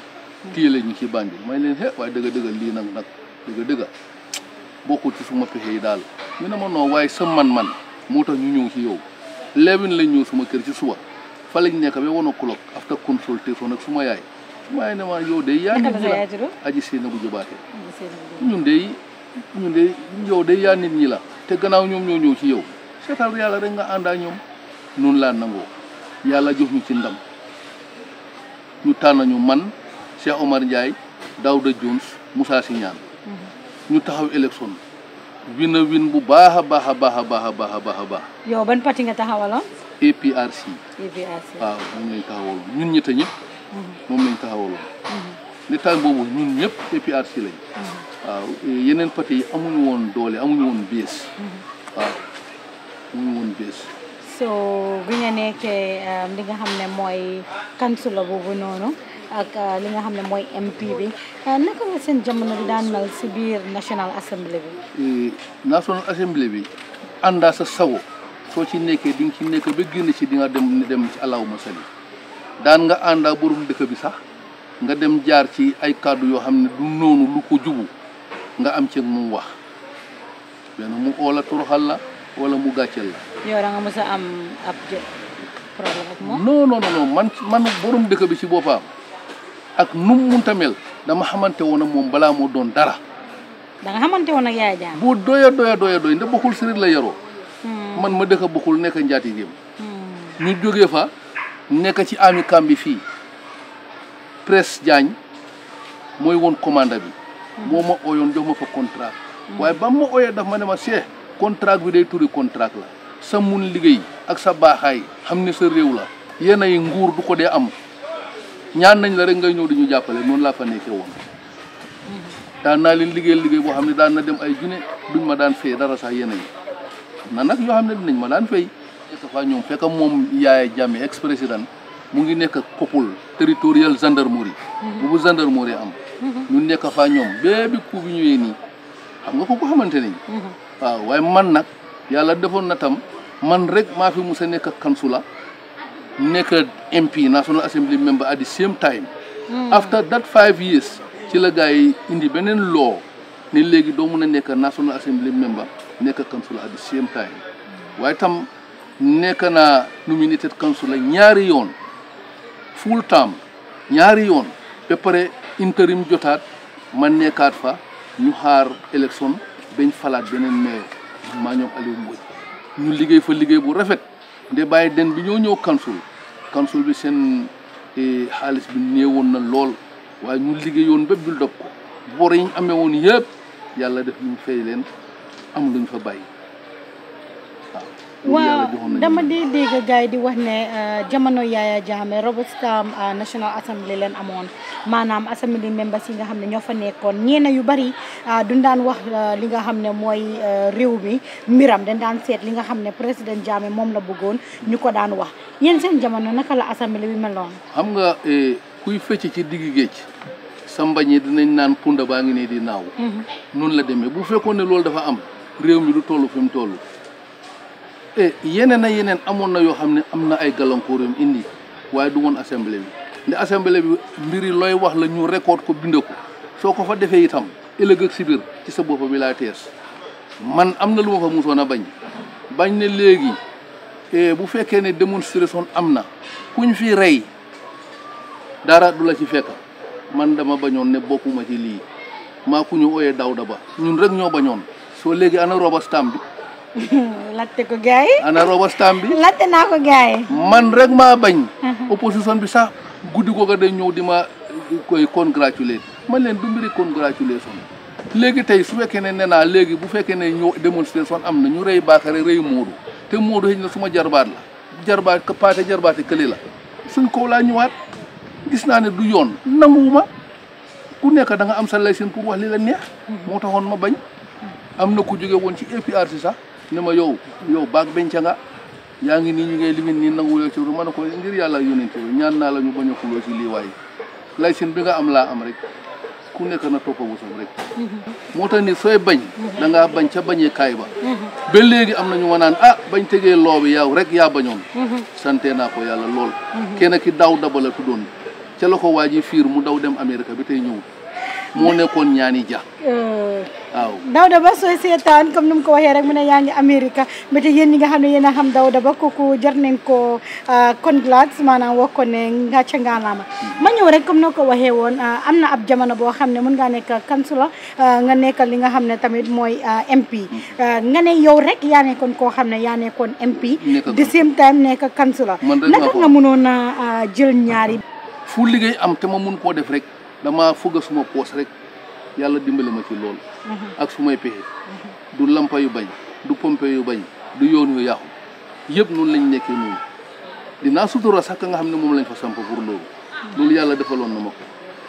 téye ñu ci Banjul may leen he waaye dëgg dëgg lii nag nag dëgg dëgga bokkul ci suma pexe yi daal ñu ne ma non waaye sa man-man moo tax ñu ñëw ci yow leewin lañ ñëw suma kër ci suba fa ñu nekk ba wan a after consultation nag suma yaay maa ngi ne maa yow de yaa nit ñi la aji Seynabou Jobaate ñun de ñun de yow de yaa nit ñi la te gannaaw ñoom ñoo ñëw ci yow seetal yàlla rek nga ànd ak ñoom noonu laa nangoo yàlla jox ñu ci ndam ñu tànn ñu man Cheikh Omar Ndiaye Daouda Jones Moussa Signane mhm. ñu taxaw élection win a win bu baax a baax a baax a baax a baax a baax a baax yow ban parti nga taxawaloon APRC APRC waaw ñun ñett ñëpp moom lañ taxawaloon nettaan boobu ñun ñëpp APRC lañ waaw yeneen parti yi amuñu woon doole amuñu woon bées waaw amuñu woon bées so bi nga nekkee um, li nga xam ne mooy kansula boobu noonu ak uh, li nga xam ne mooy MP bi uh, naka nga seen jamono bi daan mel si biir National Assembly bi eh, National Assembly bi àndaa sa sago soo ci nekkee di nga ci nekk ba génn ci di nga dem dem ci alawuma sali Dan nga anda burum dekk bi sax nga dem jaar ci ay cadeau yo xamne du nonu lu ko jubu nga am ci mu wax ben mu ola turhal la wala mu gatchal la. yo ra nga mës am ab problème ak mo non non non man man burum dekk bi ci bopam ak num mu tamel dama xamanté woon ak moom balaa moo doon dara. da nga xamanté won ak yaay jaam. bu doya doya doya doyo ndé bokul sëriñ la yaro hmm. man ma dëkk bokkul nekk njaatigéem. Hmm. ñu joggé fa nek ci kambi kambi fi presse jagne moy won commande bi moma oyon ooyoon jox ma fa contrat way bam ma oyé daf ma né ma cheikh contrat bi day turi contrat la sa mun liggéey ak sa baxay xam sa rew la yena yi nguur du ko dé am ñaan nañ la rek ngay ñew duñu jappalé jàppale la fa nekkee won da na leen liggéeyal liggéey bo xam da na dem ay juné duñ ma daan fey dara sax yena yi na nak yo dinañ ma daan fey Moustapha ñoom fekk moom Yaya Jammeh ex président mu ngi nekk ak couple territorial gendarmerie. Mhm. bu bu gendarmerie am. Mhm. ñu nekk fa ñoom bépp ku bi ñëwee xam nga ko ko xamante ne. Mhm. waaw waaye man nag yàlla defoon na tam man rek maa fi mus a nekk kansula nekk MP National Assembly member at the same time. after that five years ci la gars yi indi beneen loo ne léegi doo mun a nekk National Assembly member nekk kansula at the same time waaye tam. nekk naa mu nominated councillor ñaari yoon full term ñaari yoon ba pare interim jotaat ma nekkaat fa ñu xaar élection bañ falaat beneen maire maa ñoom Aliou Mbodj ñu liggéey fa liggéey bu rafet nde bàyyi den bi ñoo ñëw kansul kansul bi seen eh, xaalis bi néewoon na lool waaye ñu liggéeyoon bépp dul dog ko bor yi ñu amee yëpp yàlla def ñu fay leen am luñ fa bàyyi waaw dama di dégg gars yi di wax ne jamono Yaya Jammeh Robert Stam National Assembly leen amoon maanaam assembly members yi nga xam ne ñoo fa nekkoon ñeena yu bari duñ daan wax li nga xam ne mooy réew mi mbiram dañ daan seet li nga xam ne président Jammeh moom la bëggoon ñu ko daan wax yéen seen jamono naka la assembly bi meloon. am nga kuy fecc ci digg géej samba ñi dinañ naan punda baa ngi nii di naaw. noonu la demee bu fekkoon ne loolu dafa am réew mu toll. Eh, yeneen na yeneen amoon na yoo xam ne am na ay gàllankoor yu indi waaye du woon assemblée bi nde assemblée bi mbiri looy wax la ñu record ko bind ko soo ko fa defee itam ëllëg ak si biir ci sa bopp bi laa tees man am na lu ma fa musoon a bañ bañ ne léegi eh, bu fekkee ne démonstration am na kuñ fi rey dara du la ci fekk man dama bañoon ne bokkuma ci lii maa ku ñu ooyee Dawda Ba ñun rek ñoo bañoon soo léegi ana Robert Stamp latte ko gay? ana roba stambi latte na gay. man rek ma bañ opposition bi sax guddi ko ga day ñew dima koy congratulate man len du mbiri congratulation legi tay su fekke ne nena legi bu fekke ñew demonstration am na ñu rey bakare rey modu te modu hejna suma jarbaat la jarbaat ka paté jarbaat kele la suñ ko la ñëwaat gis na ne du yoon nanguma ku nekk da nga am sa laysin pour wax li la neex ma bañ am na ku jóge woon ci APRC sax ne ma yow yow baag ca nga yaa ngi nii ñu ngay limin nii nanguwuloo ci ma ne ko ngir yàlla yónente bi ñaan naa la ñu bañ a xuloo ci lii waay lay bi nga am laa am rek ku nekk na toppa wusam rek moo tax ni sooy bañ da ngaa bañ ca bañee kaay ba ba léegi am nañu ma naan ah bañ tegee loobi yaaw rek yaa bañoon sante naa ko yàlla lool kenn ki daaw daba la tuddoon ca la ko waa ji fiir mu daw dem Amérique bi tey ñëw moo nekkoon ñaani ja eh, waaw Dawda Ba sooy seetaan comme ni mu ko waxee rek mu ne yaa ngi Amérique ba te yéen ñi nga xam ne yéen a xam Dawda Ba kooku jar nañ ko ah, congrats maanaam wax ko ne nga ca ma ñëw rek comme na ko waxee woon ah, am na ab jamono boo xam ne mun ngaa nekk kansula ah, nga nekkal li nga xam ne tamit mooy MP nga ne yow rek yaa nekkoon koo xam ne yaa nekkoon MP the same time nekk kansula naka nga mënoon a jël ñaari fu liggéey am te ma mun koo def rek damaa fugg suma poos rek yàlla dimbali ma ci loolu mhm. ak sumay pexe mhm. du lampa yu bañ du pompe yu bañ du yoon yu yàqu yëpp noonu lañ nekkee noonu dinaa sutura sax ka nga xam ne moom lañ fa samp pour loolu mhm. loolu yàlla defaloon na ma ko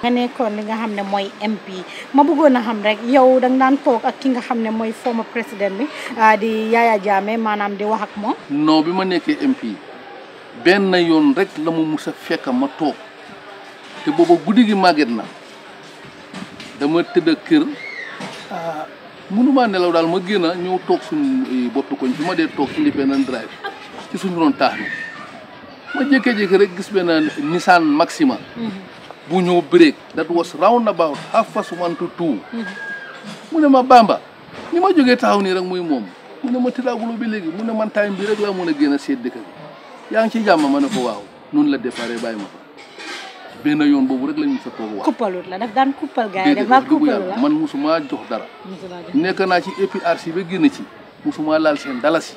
nga nekkoon li nga xam ne mooy MP ma bëggoon a xam rek yow da nga daan toog ak ki nga xam ne mooy former président bi ah, di Yaya Jammeh maanaam di wax ak moom non bi ma nekkee MP benn yoon rek la mu mus a fekk ma toog te booba guddi gi màgget na dama tëdd ak kër ah. mënumaa nelaw daal ma génn ñëw toog suñu eh, bopp koñ fi ma dee toog ci Independence Drive ci suñu ron taax ma jékkee rek gis benn Nissan Maxima mm-hmm. bu ñëw break that was round about half past one to two mm-hmm. mu ne ma Bamba ni ma jógee taxaw nii rek muy moom mu ne ma tëddaaguloo bi léegi mu ne man time bi rek laa mën a génna seet dëkk yaa ngi ci jàmm ma ne ko waaw noonu la déparé bàyyi ma benn yoon boobu rek lañ fa toog wax kuppalut la daf daan kuppal gaay yi daf daan kuppal la man musuma jox dara nekk naa ci APRC ba génn ci musuma laal seen dalasi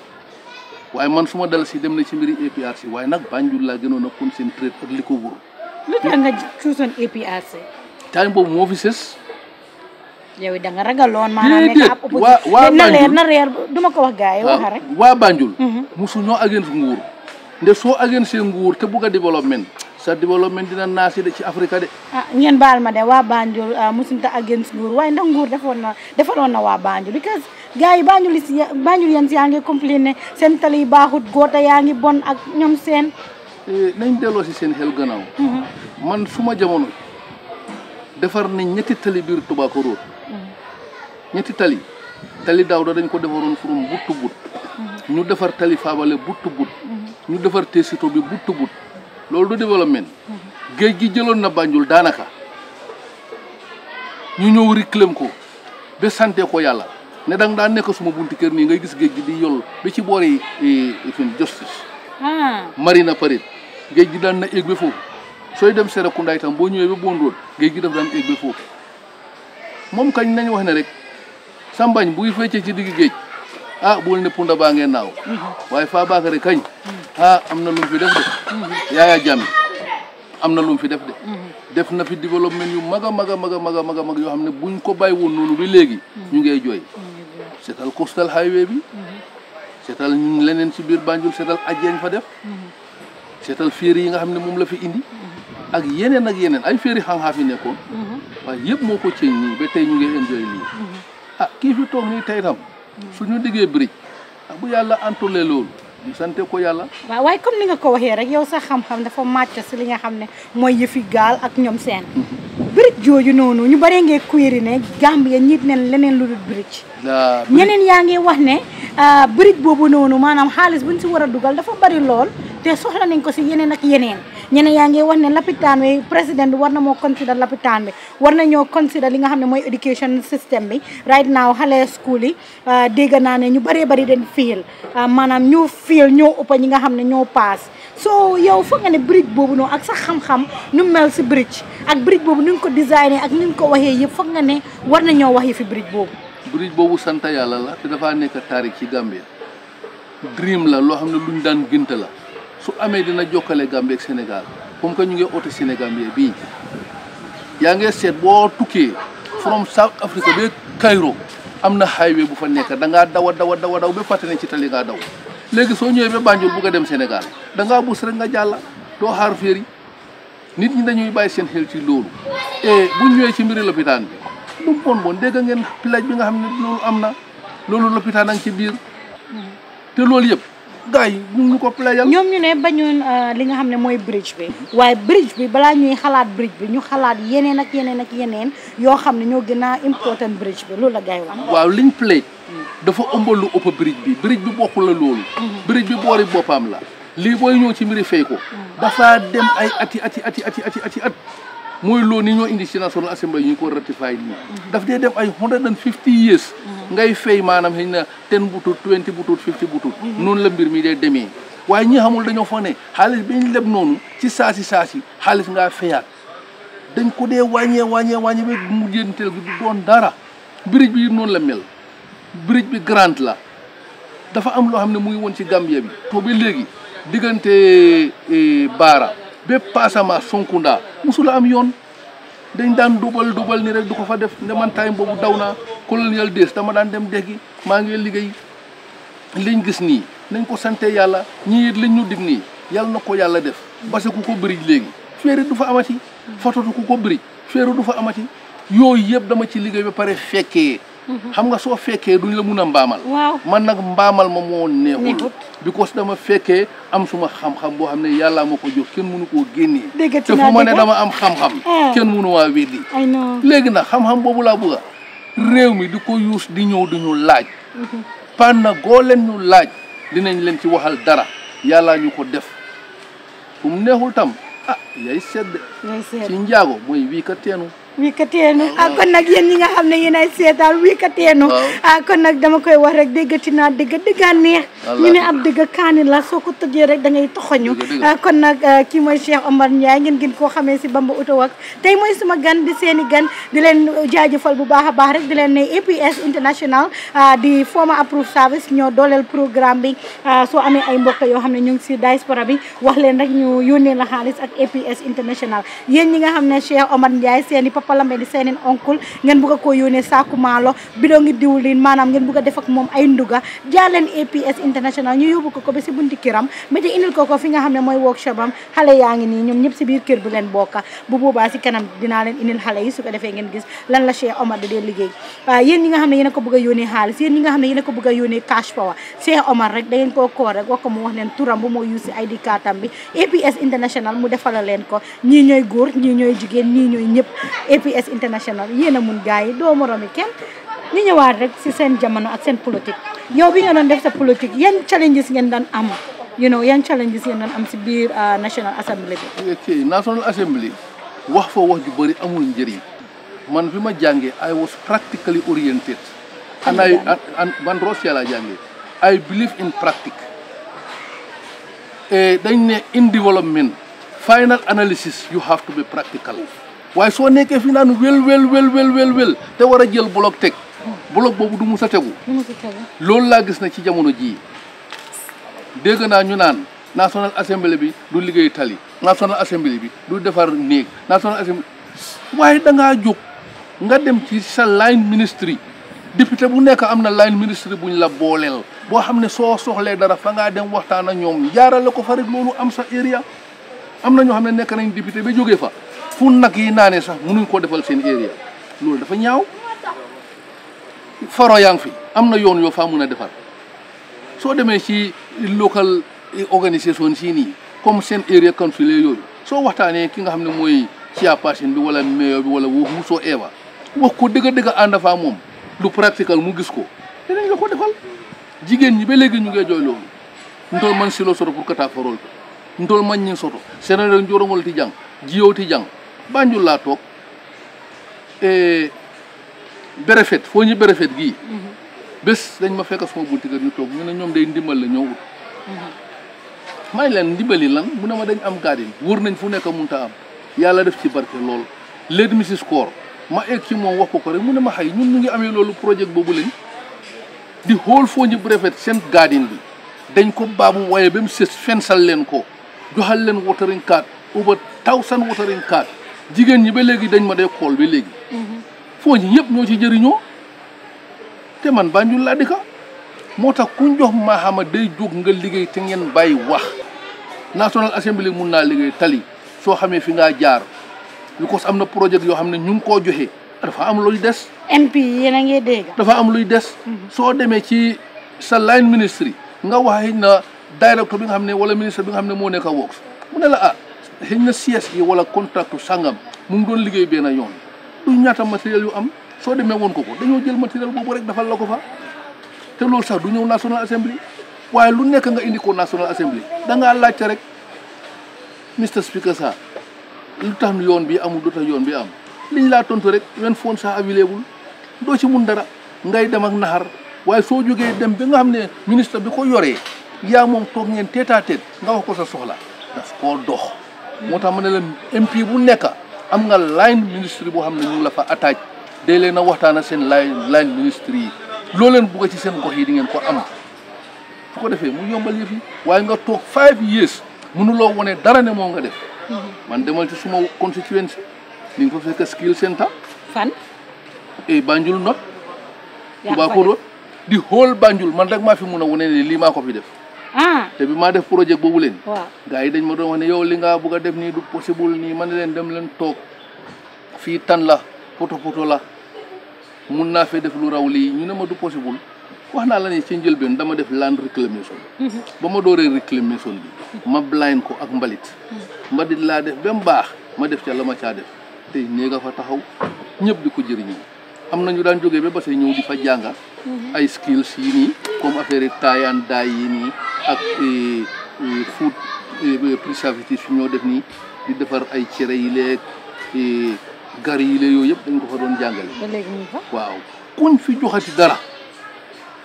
waaye man suma dalasi dem na ci mbiri APRC waaye nag Banjul laa gënoon a concentré ak li ko wóor lu tax nga cuusoon APRC time boobu moo fi sës yow da nga ragaloon maanaam nekk ab opposition waa na leer na reer duma ko wax gaay waxa rek waa Banjul mhm. musu ñoo ageen nguur nde soo ageen seen nguur te bugg a développement sa development dina nasi de ci afrika de ah ngeen baal ma de wa banjul ah, musunta against nguur way ndax nguur defoon na defaroon na wa banjul because gaay banjul ya, si banjul yeen si yaa ngi tali baxut gota yaa bon ak ñom sen eh, nañ delo ci sen xel gënaaw mm-hmm. man suma jamono defar nañ ñetti tali tuba ko ro ñetti tali tali daw da dañ ko defaroon furum but but mm-hmm. ñu defar tali faabale but but mm-hmm. ñu defar tesito bi but but loolu du géej gi jëloon na Banjul daanaka ñu ñëw réclame ko ba sante ko yàlla ne da nga daan nekk suma bunti kër nii ngay gis géej gi di yol bi ci boori eh, fin ah. mari na Parade géej gi daan na éeg ba foofu sooy dem Serekunda itam boo ñëwee ba bondoon géej gi daf daan éeg ba foofu moom kañ nañu wax ne rek sambañ buy feccee ci digg géej ah bool ne punda mm-hmm. waaye faa baaka rek kañ mm. ah am na lu mu fi def de. Yaya Jammeh am na lu fi def de. def na fi développement yu mag a mag a mag a mag a mag yoo xam ne buñ ko bàyyi woon noonu bi léegi. ñu ngay joy seetal coastal highway bi. seetal leneen si biir Banjul seetal aj yañ fa def. seetal féeri yi nga xam ne moom la fi indi. ak yeneen ak yeneen ay féeri xanxaa fi nekkoon. waaye yëpp moo ko ceeñ nii ba tey ñu ngi enjoy lii. ah kii fi toog nii tey tam. suñu diggee bridge. Ah, bu yàlla antulee loolu. ñu sante ko yàlla. waaw waaye comme ni nga ko waxee rek yow sax xam-xam dafa màcc si li nga xam ne mooy yëfi gaal ak ñoom seen. Mm-hmm. brique jooju noonu ñu baree ngee kuyéri ne Gambia ñiit neen leneen lu dul brique. ñeneen yaa ngi wax ne ah, brique boobu noonu maanaam xaalis bu ñu si war a dugal dafa bari lool te soxla nañ ko si yeneen ak yeneen. ñeneen yaa ngi wax ne lapitaan bi président bi war na moo consider lapitaan bi war na ñoo consider li nga xam ne mooy education system bi right now xale school yi ah, dégg naa ne ñu bëree bëri den fiil ah, maanaam ñoo fiil ñoo ëpp ñi nga xam ne ñoo paas so yow foog nga ne bridge boobu noonu ak sax xam-xam nu mel si bridge ak bridge boobu nu ñu ko designé ak nu ñu ko waxee yëpp foog nga ne war na ñoo wax yi fi bridge boobu bridge boobu sant yàlla la te dafaa nekk ci Gambia dream la loo xam ne luñ daan la su amee dina jokkale Gambie ak Sénégal comme que ñu ngi oote Sénégambie bii yaa ngi seet boo tukkee from South Africa ba Cairo am na highway bu fa nekk da ngaa daw a daw a daw a daw ba fàtte ci tali ngaa daw léegi soo ñëwee ba Banjul bugg a dem Sénégal da ngaa bus rek nga jàlla doo xaar féeri nit ñi dañuy bàyyi seen xel ci loolu et bu ñëwee ci mbiri lopitaan bi lu mu bon bon dégg ngeen bi nga xam ne loolu am na loolu lopitaan a ngi ci biir te loolu yëpp. gars ko playal ñoom ñu ne bañoon euh, li nga xam ne mooy bridge bi waaye bridge bi balaa ñuy xalaat bridge bi ñu xalaat yeneen ak yeneen ak yeneen yoo xam ne ñoo gën a important bridge bi loolu la gars yi wax waaw liñ play dafa ëmbal lu ëpp bridge bi bridge bi bokkul la loolu mhm. bridge bi boori boppam la lii booy ñëw ci mbiri fay ko mhm. dafa dem ay ati ati ati ati ati ati at mooy loo ni ñoo indi ci national assembly ñu ko ratify nii daf dee def ay hundred and fifty years ngay fay maanaam xëy na ten butut twenty butut fifty butut noonu la mbir mi dee demee waaye ñi xamul dañoo foog ne xaalis bi ñu leb noonu ci saasi saasi xaalis ngaa feyaat dañ ko dee wàññee wàññee wàññee ba mu jënteel gi du doon dara birij bi noonu la mel birij bi grande la dafa am loo xam ne mu ngi woon ci Gambia bi to ba léegi diggante eh, Baara bépp Passamance Sonkunda mosula am yoon dañ daan dubal dubal ni rek du ko fa def ne man time daw naa colonial des dama daan dem dex gi maa ngi liggéey liñ gis nii nañ ko sante yàlla ñii it liñ ñu dig nii yàlla na ko yàlla def parce que ku ko birij léegi féeri du fa amati. fototu ku ko birij féeri du fa amati yooyu yëpp dama ci liggéey ba pare fekkee xam nga soo fekkee duñ la mun a mbaamal man nag mbaamal ma moo neexul because dama fekkee am suma xam-xam boo xam ne yàlla ma ko jox kenn munu koo génnee te fu ma ne dama am xam-xam eh. kenn mënu waa weddi léegi nag xam-xam boobu laa bëgga réew mi di ko yuus di ñëw du ñu laaj mhm. pan na goo leen ñu laaj dinañ leen ci waxal dara yàlla ñu ko def fu mu neexul tam ah yay sedd ci njaago mooy wii ka teenu wikkateenu ah kon nag yéen ñi nga xam ne yéen ay seetaan wikkateenu ah kon nag dama koy wax rek déggati naa dégg dëggaa neex ñu ne ab dëgg kaani la soo ko rek da ngay toxoñu ah, kon nag ah, kii mooy Cheikh Omar Ndiaye ngeen gën koo xamee si Bamba Auto wak, tey mooy suma gan di seeni gan di leen jaajëfal bu baax baax rek di leen ne APS International ah, di former approve service ñoo dolel programme bi soo amee ay mbokk yoo xam ñu ngi si diaspora bi wax leen rek ñu yónnee la xaalis ak APS International yéen ñi nga xam ne Cheikh Omar Ndiaye seeni xolam di seenin oncle ngeen bëgg ko yónnee saku malo, bidon ngi diwlin manam ngeen bëgg a def ak mom ay nduga APS international ñu yobu ko ko be si bunti kiram me di indil ko ko fi nga xamne moy workshop am xale yaa ngi biir kër bu len bokka bu boba ci kanam dina len indil xale yi su ko defé ngeen gis lan la Cheikh Omar de dee wa yeen yi nga xamne ne ko bëgg yone yónnee yeen yi nga xamne ne ko bëgg yone cash power Cheikh Omar rek da ngeen ko ko rek wako ko mu wax len turam bu moo yusi ID cardam bi APS international mu defala leen ko ñi ñoy goor ñi ñoy jigen ñi ñoy ñep APS international yéen a mun gars yi doo moromi kenn ñu ñëwaat rek si seen jamono ak seen politique yow bi nga doon def sa politique yeen challenges ngeen daan am you know yeen challenges yeen daan am ci biir ah, national assembly bi. national assembly wax fa wax ju bari amul njëriñ man fi ma jàngee I was practically oriented. and I and man Rosia la jàngee I believe in practice. Eh, dañ ne in development final analysis you have to be practical. waaye soo nekkee fi naan wel wel wel wel wel wel te war a jël bloc teg bloc boobu du mus a tegu loolu laa gis na ci jamono jii dégg naa ñu naan national assembly bi du liggéey tali national assembly bi du defar néeg national assembly waaye da jóg nga dem ci sa line ministry député bu nekk am na line ministry buñ la booleel boo xam ne soo soxlee dara fa ngaa dem waxtaan ak ñoom jaarale ko fa rek loolu am sa area am na ñoo xam ne nekk nañ député ba jógee fa fu nag yi naanee sax mënuñ koo defal seen area loolu dafa ñaaw faro yaa fi am na yoon yoo faa mun a defar soo demee ci lokal organisation sii nii comme seen area council yooyu soo waxtaanee ki nga xam ne mooy chairperson bi wala mayor bi wala woowu soo eeva wax ko dëgg dëgg ànd fa moom du practical mu gis ko defal jigéen ñi ba léegi ñu ngi jooy loolu ntol man silo soto pour que taa farol ntol man ñi soto senere njorongol ti jang Banjul laa toog eh, berefet foo ñu berefet gii mm-hmm. bés dañ ma fekk sama bunti kër ñu toog ñu ne ñoom day ndimbal la ñëw ut mm-hmm. may leen ndimbali lan mu ne ma dañ am garden wër nañ fu nekk munta am yàlla def ci barke lool léegi Mrs Koor ma egg moom wax ko ko rek mu ne ma xay ñun ñu ngi amee loolu projet boobu lañ di xool foo ñu berefet seen garden bi dañ ko baabu waaye ba mu sës fensal leen ko joxal leen watering card over thousand watering card jigéen ñi ba léegi dañ ma dee xool ba léegi. foo fooñ yëpp ñoo ci jëriñoo te man Banjul laa dika moo tax ku jox ma a day jóg nga liggéey te ngeen bàyyi wax. National Assembly mun naa liggéey tali soo xamee fi ngaa jaar lu ko am na projet yoo xam ne ñu ngi koo joxe dafa am luy des. MP yéen a ngi dégg. dafa am luy des. Mhm. soo demee ci sa line ministry nga wax na directeur bi nga xam ne wala ministre bi nga xam ne moo nekk a works mu ne la ah. xëy na siège yi wala contrat sangam mu ngi doon liggéey benn yoon du ñaata matériel yu am soo demee woon ko ko dañoo jël matériel boobu rek dafa la ko fa te loolu sax du ñëw National Assembly waaye lu nekk nga indi ko National Assembly da ngaa laajte rek Mr Speaker sa lu tax yoon bi amul lu tax yoon bi am liñ laa tontu rek wen foon sa available doo ci mun dara ngay dem ak naxar waaye soo jógee dem bi nga xam ne ministre bi ko yoree yaa moom toog ngeen tête nga wax ko sa soxla daf dox moo tax ma ne leen MP bu nekk am nga line ministre boo xam ne ñu ngi la fa attaaj day leen a waxtaan seen line line ministre yi loo leen bugg ci seen gox yi di ngeen ko am su ko defee mu yombal yëf yi waaye nga toog five years mënuloo wone dara ne moo nga def man demal ci suma constituency ni nga fa fekk skill center fan e Banjul not Tubaakuut di whole Banjul man rek maa fi mun a wone ne lii maa ko fi def Ah. te bi maa def projet boobu leen waaw yi dañ ma doon wax ne yow li nga bëgg a def nii du possible nii man leen dem leen toog fii tan la poto poto la mun naa fee def lu raw lii ñu ne ma du possible wax naa la ne ci njëlbeen dama def land reclamation mhm. ba ma dooree reclamation bi ma blind ko ak mbalit mhm. mbalit laa def ba baax ma def ca la ma caa def tey nee fa taxaw ñépp di ko jëriñoo amna ñu daan jógee ba sé ñëw di fa mhm. ay skills yi ni comme affaire tay and day yi ni ak eh, eh, food eh, preservative ñoo def ni di defar ay cere yi leeg gar yi leeg yoyep dañ ko fa doon jàngale waaw kuñ fi joxati dara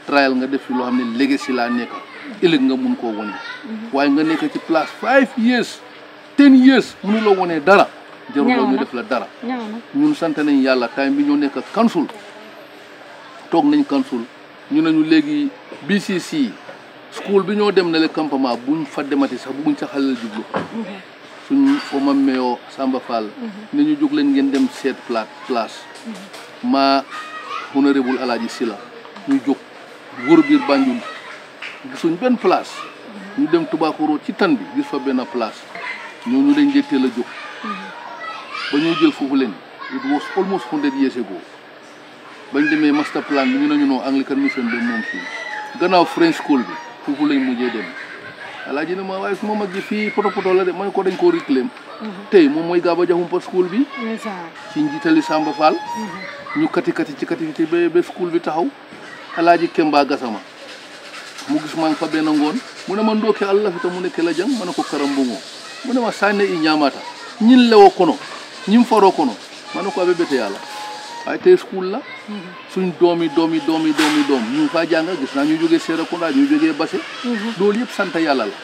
trial nga def fi lo xamné ne legacy la nekk ëllëg nga mën ko woné mhm. waye nga nekk ci place five years ten years mënuloo woné dara jabar ñu def la dara ñun sant nañu yàlla time bi ñoo nekk kansul toog nañ kansul ñu nañu léegi BCC school bi ñoo dem na le campement buñ fa demati sax buñ sa xalal jublu suñ foma meeyoo Samba Fall ne ñu jóg leen ngeen dem seet plat place maa honorable si la ñu jóg wër biir Banjul gisuñ benn place ñu dem Tubaakuroo ci tan bi gis fa benn place ñooñu dañ dee teel a jóg ba ñuy jël foofu leen it was almost hundred years ago bañ demee master plan bi ñu ne ñu noo Anglican mission bi moom fii gannaaw French school bi foofu lañ mujjee dem alaaji ne ma waaye su ma mag ji fii poto poto la de man ko dañ koo réclamer mhm. tey moom mooy Gaba Jaxumpa school bi ci njiitali Samba Fall mhm. ñu kati kati ci kati ci ba ba school bi taxaw alaaji Kemba Gasama mu gis maa ngi fa benn ngoon mu ne ma ndooke allah fi ta mu nekk la jang ma ne ko karam bu mu ne ma sànne i ñaamaata ñin lewo kono ñi foroo kono ma ne ko abe bete yàlla waaye tey school la suñ doomi doomi doomi doomi doom ñu faa jàng gis naa ñu jógee Serekunda ñu jógee Basse loolu yëpp sant yàlla la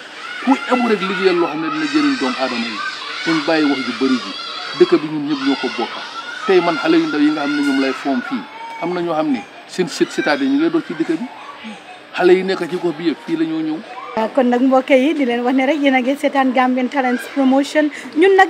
ku ebu rek liggéeyal loo xam ne dina jëriñ doomu aadama yi suñ bàyyi wax ju bëri ji dëkk bi ñun ñëpp ñoo ko bokka tey man xale yu ndaw yi nga xam ne ñoom lay foom fii am na ñoo xam ne seen sit sitaat yi ñu ngi dox ci dëkk bi xale yi nekk ci gox bi yëpp fii la ñëw ah, kon nag mbokk yi di leen wax ne rek yéen a ngi seetaan Gambian Talents Promotion ñun nag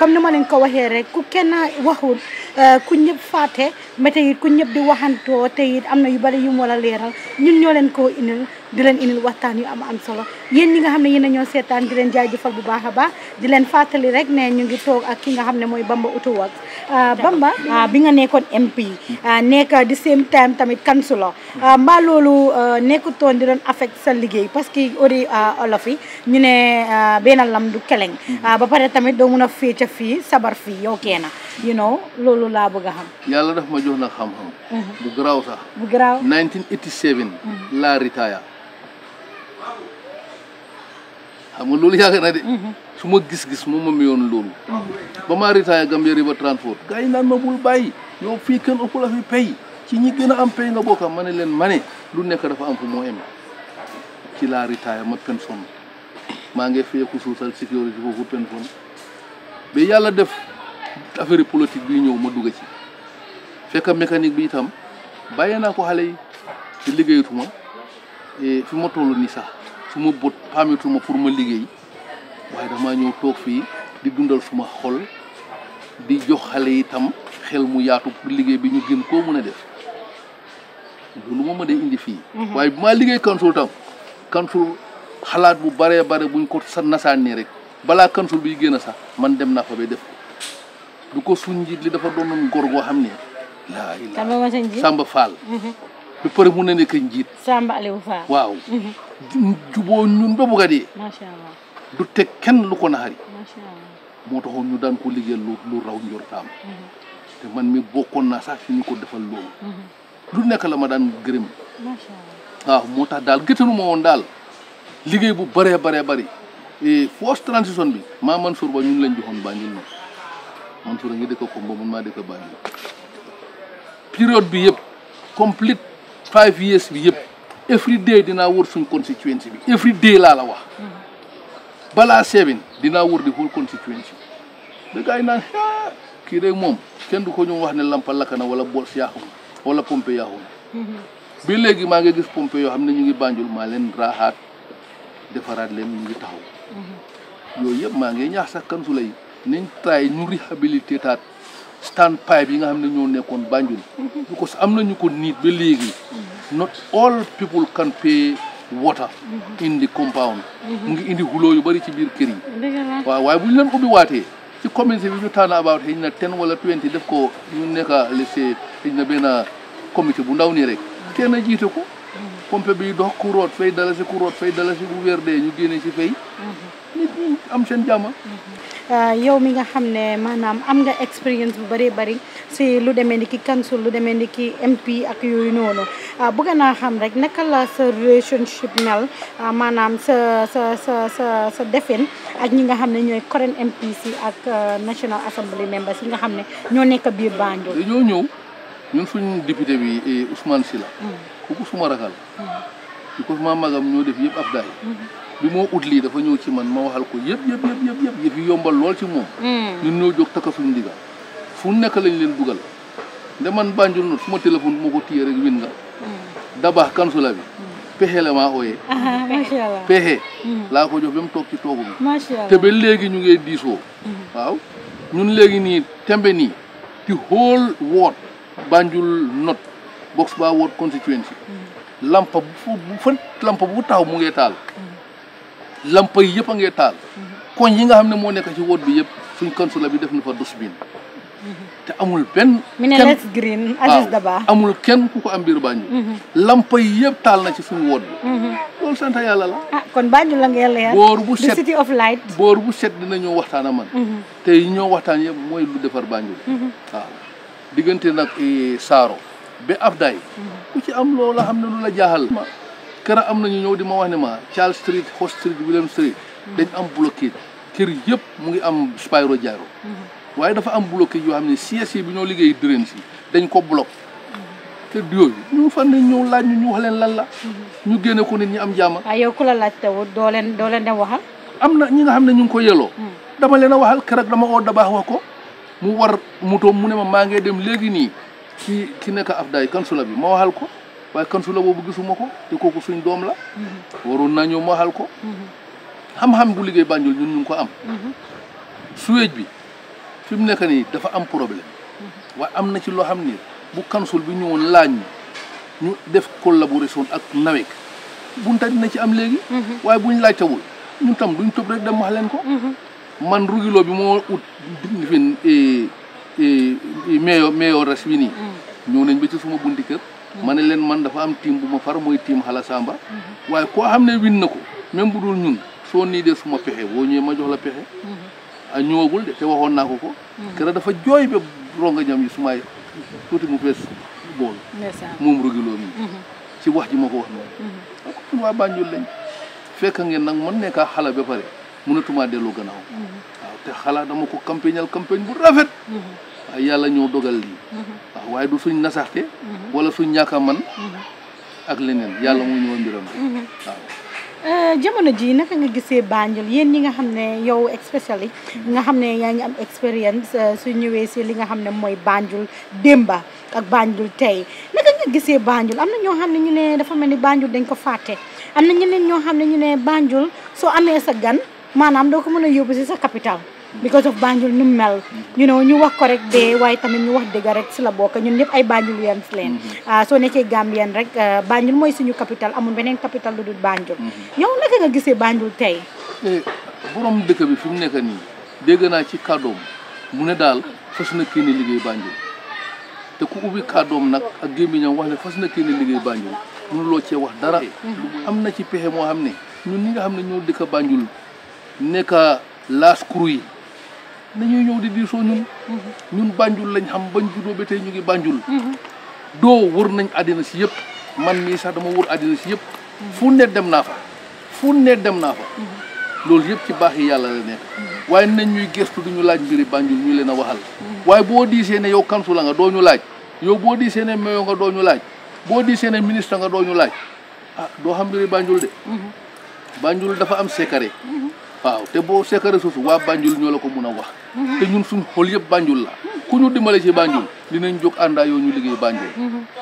comme ni leen ko waxee rek ku kenn waxul euh, ku ñëpp fàtte mais tey it ku ñëpp di waxantoo te it am na yu bari yu mu war a leeral ñun ñoo leen koo indil di leen indil waxtaan yu am am solo yéen ñi nga xam ne yéen a ñoo seetaan di leen jaajëfal bu baax a baax di leen fàttali rek ne ñu ngi toog ak ki nga xam ne mooy Bamba Auto Works euh, Bamba ah, bi nga nekkoon MP euh, nekk di same time tamit councilor mbaa loolu nekkutoon di doon affect sa liggéey parce que ori olof yi ñu ne benn lam du keleng mm-hmm. ba pare tamit fi sabar fi yow kena you know loolu la bëgg xam yalla daf ma jox nag xam-xam mhm. bu graw sax bu graw 1987 la retire xam nga loolu yàgg na de mhm. gis-gis mo mom mayoon loolu ba maa retire Gambia River Transport gay nan ma bul bay yow fi kenn ëpp la fi pay ci ñi gëna am pay nga bokka mané len mané lu nekk dafa am fu mo eme ci la retire ma pension maa ngi feeku social security foofu pension mais yàlla def affaire politique bi ñëw ma dugg ci fekk mécanique bi itam bàyyee naa ko xale yi te liggéeyatuma fi ma toll nii sax su ma bot paamituma pour ma liggéey waaye damaa ñëw toog fii di dundal suma xol di jox xale yi itam xel mu yaatu pour liggéey bi ñu gën koo mën a def loolu moom ma day indi fii. Mhm. waaye maa liggéey kansul tam kansul xalaat bu baree bare buñ ko sa nasaanee rek. balaa kansul biy génn sax man dem naa fa bay def ko du ko suñ njiit li dafa doonoon góor goo xam ne laa ilaa Samba Fall mhm. ba pare mu ne nekk njiit Samba Aliou Fall waaw mhm. juboo ñun ba bugga dee du teg kenn lu ko naxari macha moo taxoon ñu daan ko liggéeyal lu lu raw njortaam mhm. te man mi bokkoon naa sax fi ñu ko defal loolu lu nekk la ma daan gërëm waaw moo tax daal gëtanu ma daal liggéey bu bëree baree bëri force transition bi maa Mansour ba ñun lañ joxoon Banjul moom Mansour a ngi dëkk Kombo man maa dëkk Banjul période bi yëpp complete five years bi yëpp every day dinaa wër suñ constituency bi every day laa la wax mm-hmm. balaa seven dinaa wër di whole constituency bi gars yi naan kii rek moom kenn du ko ñëw wax ne lampa lakk na wala boos yaaxu wala pompe yaaxu mm-hmm. bi léegi maa ngi gis pompe yoo xam ne ñu ngi Banjul maa leen raaxaat defaraat leen ñu ngi taxaw yooyu yëpp maa ngi ñaax sax kan su lay nañ try ñu réhabilité taat stand pipe yi nga xam ne ñoo nekkoon Banjul because am na ñu ko niit ba léegi not all people can pay water in the compound mu ngi indi xuloo yu bari ci biir kër yi waaw waaye bu ñu leen ubbi waatee ci communauté bi ñu tànn about xëy na ten wala twenty def ko ñu nekka laissé xëy na benn comité bu ndaw nii rek kenn jiite ko comme bi dox ku root fay dala si ku root fay dala si bu ñu génne si fay am seen jàmm ah, yow mi nga xam ne maanaam am nga expérience bu bëree bari si lu demee ni ki council lu demee ni ki MP ak yooyu noonu ah, bëgg naa xam rek naka la sa relationship mel ah, maanaam sa sa sa sa sa defin ak ñi nga xam ne ñooy current MPs ak National Assembly members yi nga xam ne ñoo nekk biir Banjul. dañoo ñëw ñun suñu député bi eh, Ousmane Sylla mm. kooku suma rakal bi ko suma magam ñoo def yëpp ab daay bi moo ut lii dafa ñëw ci man ma waxal ko yëpp yëpp yëpp yëpp yëpp yëf yi yombal lool ci moom hmm. ñun ñoo jóg takka suñu ndigal fu nekk lañ leen dugal nde man Banjul noonu suma téléphone moo ko téye rek win nga hmm. dabaax kansula bi hmm. pexe la maa ooyee macha allah laa ko jox ba mu toog ci toogu bi macha léegi ñu ngee diisoo waaw ñun léegi nii tembe nii ti whole world Banjul not Box Ba Ward constituency lampa bu fa lampa bu taxaw mu ngee taal lampa yi yëpp a ngee taal koñ yi nga xam ne moo nekk ci ward bi yëpp suñ kansula bi def na fa dustbin te amul benn green Aziz Daba kenn ku ko am biir Banjul lampa yi yëpp taal na ci suñu wood bi loolu sant yàlla la ah, kon Banjul la ngay leer boor bu set city dina ñëw waxtaan a man mhm. te yi ñoo waxtaan yëpp mooy lu defar Banjul mhm. waaw diggante nag eh, Saaro ba Abdaay ku ci am loola xam ne lu la jaaxal kara am nañu ñëw di ma wax ne ma Charles Street Hot Street William Street dañ am bloqué kër yëpp mu ngi am spiro jaaro waaye dafa am bloqué yoo xam ne CSE bi ñoo liggéey drain si dañ ko bloc kër yooyu ñu fan nañ ñëw laaj ñu ñu wax la ñu génne ko nit ñi am jàmm waaw ah, yow ku la laaj tawut doo leen doo leen dem waxal am na ñi nga xam ne ñu ngi ko yeloo hmm. dama leen a waxal keroog dama oo dabaax wax ko mu war mu ne ma maa ngi dem léegi ki ki nekk Afdaay kansula bi ma waxal ko waaye kansula boobu gisuma ko te kooku suñ doom la mhm. waroon naa ñëw ma waxal ko mhm. xam-xam bu liggéey Banjul ñun ñu ngi ko am mhm. suweej bi fi mu nekk nii dafa am problème waaye am na ci loo xam ni bu kansul bi ñëwoon laaj ñu ñu def collaboration ak nawek bunta dina ci am léegi waaye buñ laajtawul ñun tam duñ tëb rek dem wax leen ko man rugiloo bi moo ut fi eh, meeyoo meeyooras bi nii mm. ñëw nañ ba ci suma bunti kër mm. ma ne leen man dafa am tiim bu ma far mooy tiim xala samba mm-hmm. waaye koo xam ne win na ko même bu dul ñun soo nii dee suma pexe boo ñëwee ma jox la pexe mm-hmm. a ah, ñëwagul de te waxoon naa ko ko mm-hmm. kera dafa jooy ba ronga ñam yi sumaay tuuti mu fees bool moom rogiloo mi ci wax ji ma ko wax noonu ak ah, ko waa Banjul lañ fekk ngeen nag man nekkaa xala ba pare mënatumaa bu rafet waaye yàlla ñoo dogal lii mm-hmm. waaye du suñ nasaxte mm-hmm. wala suñ ñàkk a man mm-hmm. ak leneen yàlla moo ñëwoon mbiram waaw euh, jamono ji naka nga gisee Banjul yéen ñi nga xam ne yow spécialiste nga xam ne yaa ngi am expérience euh, su ñëwee si li nga xam ne mooy Banjul ba ak Banjul tey naka nga gisee Banjul am na ñoo xam ne ñu ne dafa mel ni Banjul dañ ko fàtte am na ñeneen ñoo xam ne ñu ne Banjul soo amee sa gan maanaam doo ko mën a yóbbu si sa capital because of Banjul nu mel ñu ne ñu wax ko rek dee waaye tamit ñu wax dëgg rek si la bokk ñu ñëpp ay Banjulians leen mm-hmm. ah, soo nekkee Gambian rek ah, Banjul mooy suñu capital amul beneen capital lu dul Banjul mm-hmm. yow naka nga gisee Banjul tey eh, borom dëkk bi fi mu nekk nii dégg naa ci kàddoom mu ne daal fas na kii liggéey Banjul te ku ubbi kàddoom nag ak gémmiñam wax ne fas na kii ni liggéey Banjul loo cee wax dara am na ci pexe moo xam ne ñun ñi nga xam ne ñoo dëkk Banjul nekk laas kuru yi nañuy ñëw di diisoo ñun mhm. ñun bànjul lañ xam bañ juddoo ba tey ñu ngi bànjul mhm. doo wër nañ àddina si yëpp man mii sax dama wur àddina si yëpp mhm. fu ne dem naa fa fu ne dem naa fa loolu yëpp ci baax yi yàlla la nekk waaye nañ ñuy gëstu duñu laaj mbiri bànjul ñu leen a waxal waaye boo diisee ne yow kansu la nga doo ñu laaj yow boo diisee ne meyo nga doo ñu laaj boo diisee ne ministre nga doo ñu laaj ah doo xam mbiri bànjul de bànjul dafa am secret waaw te boo seqee ressource waa Banjul ñoo la ko mun a wax te ñun suñ xool yëpp Banjul la ku ñu di ci Banjul dinañ jóg àndaa yoo ñu liggéey Banjul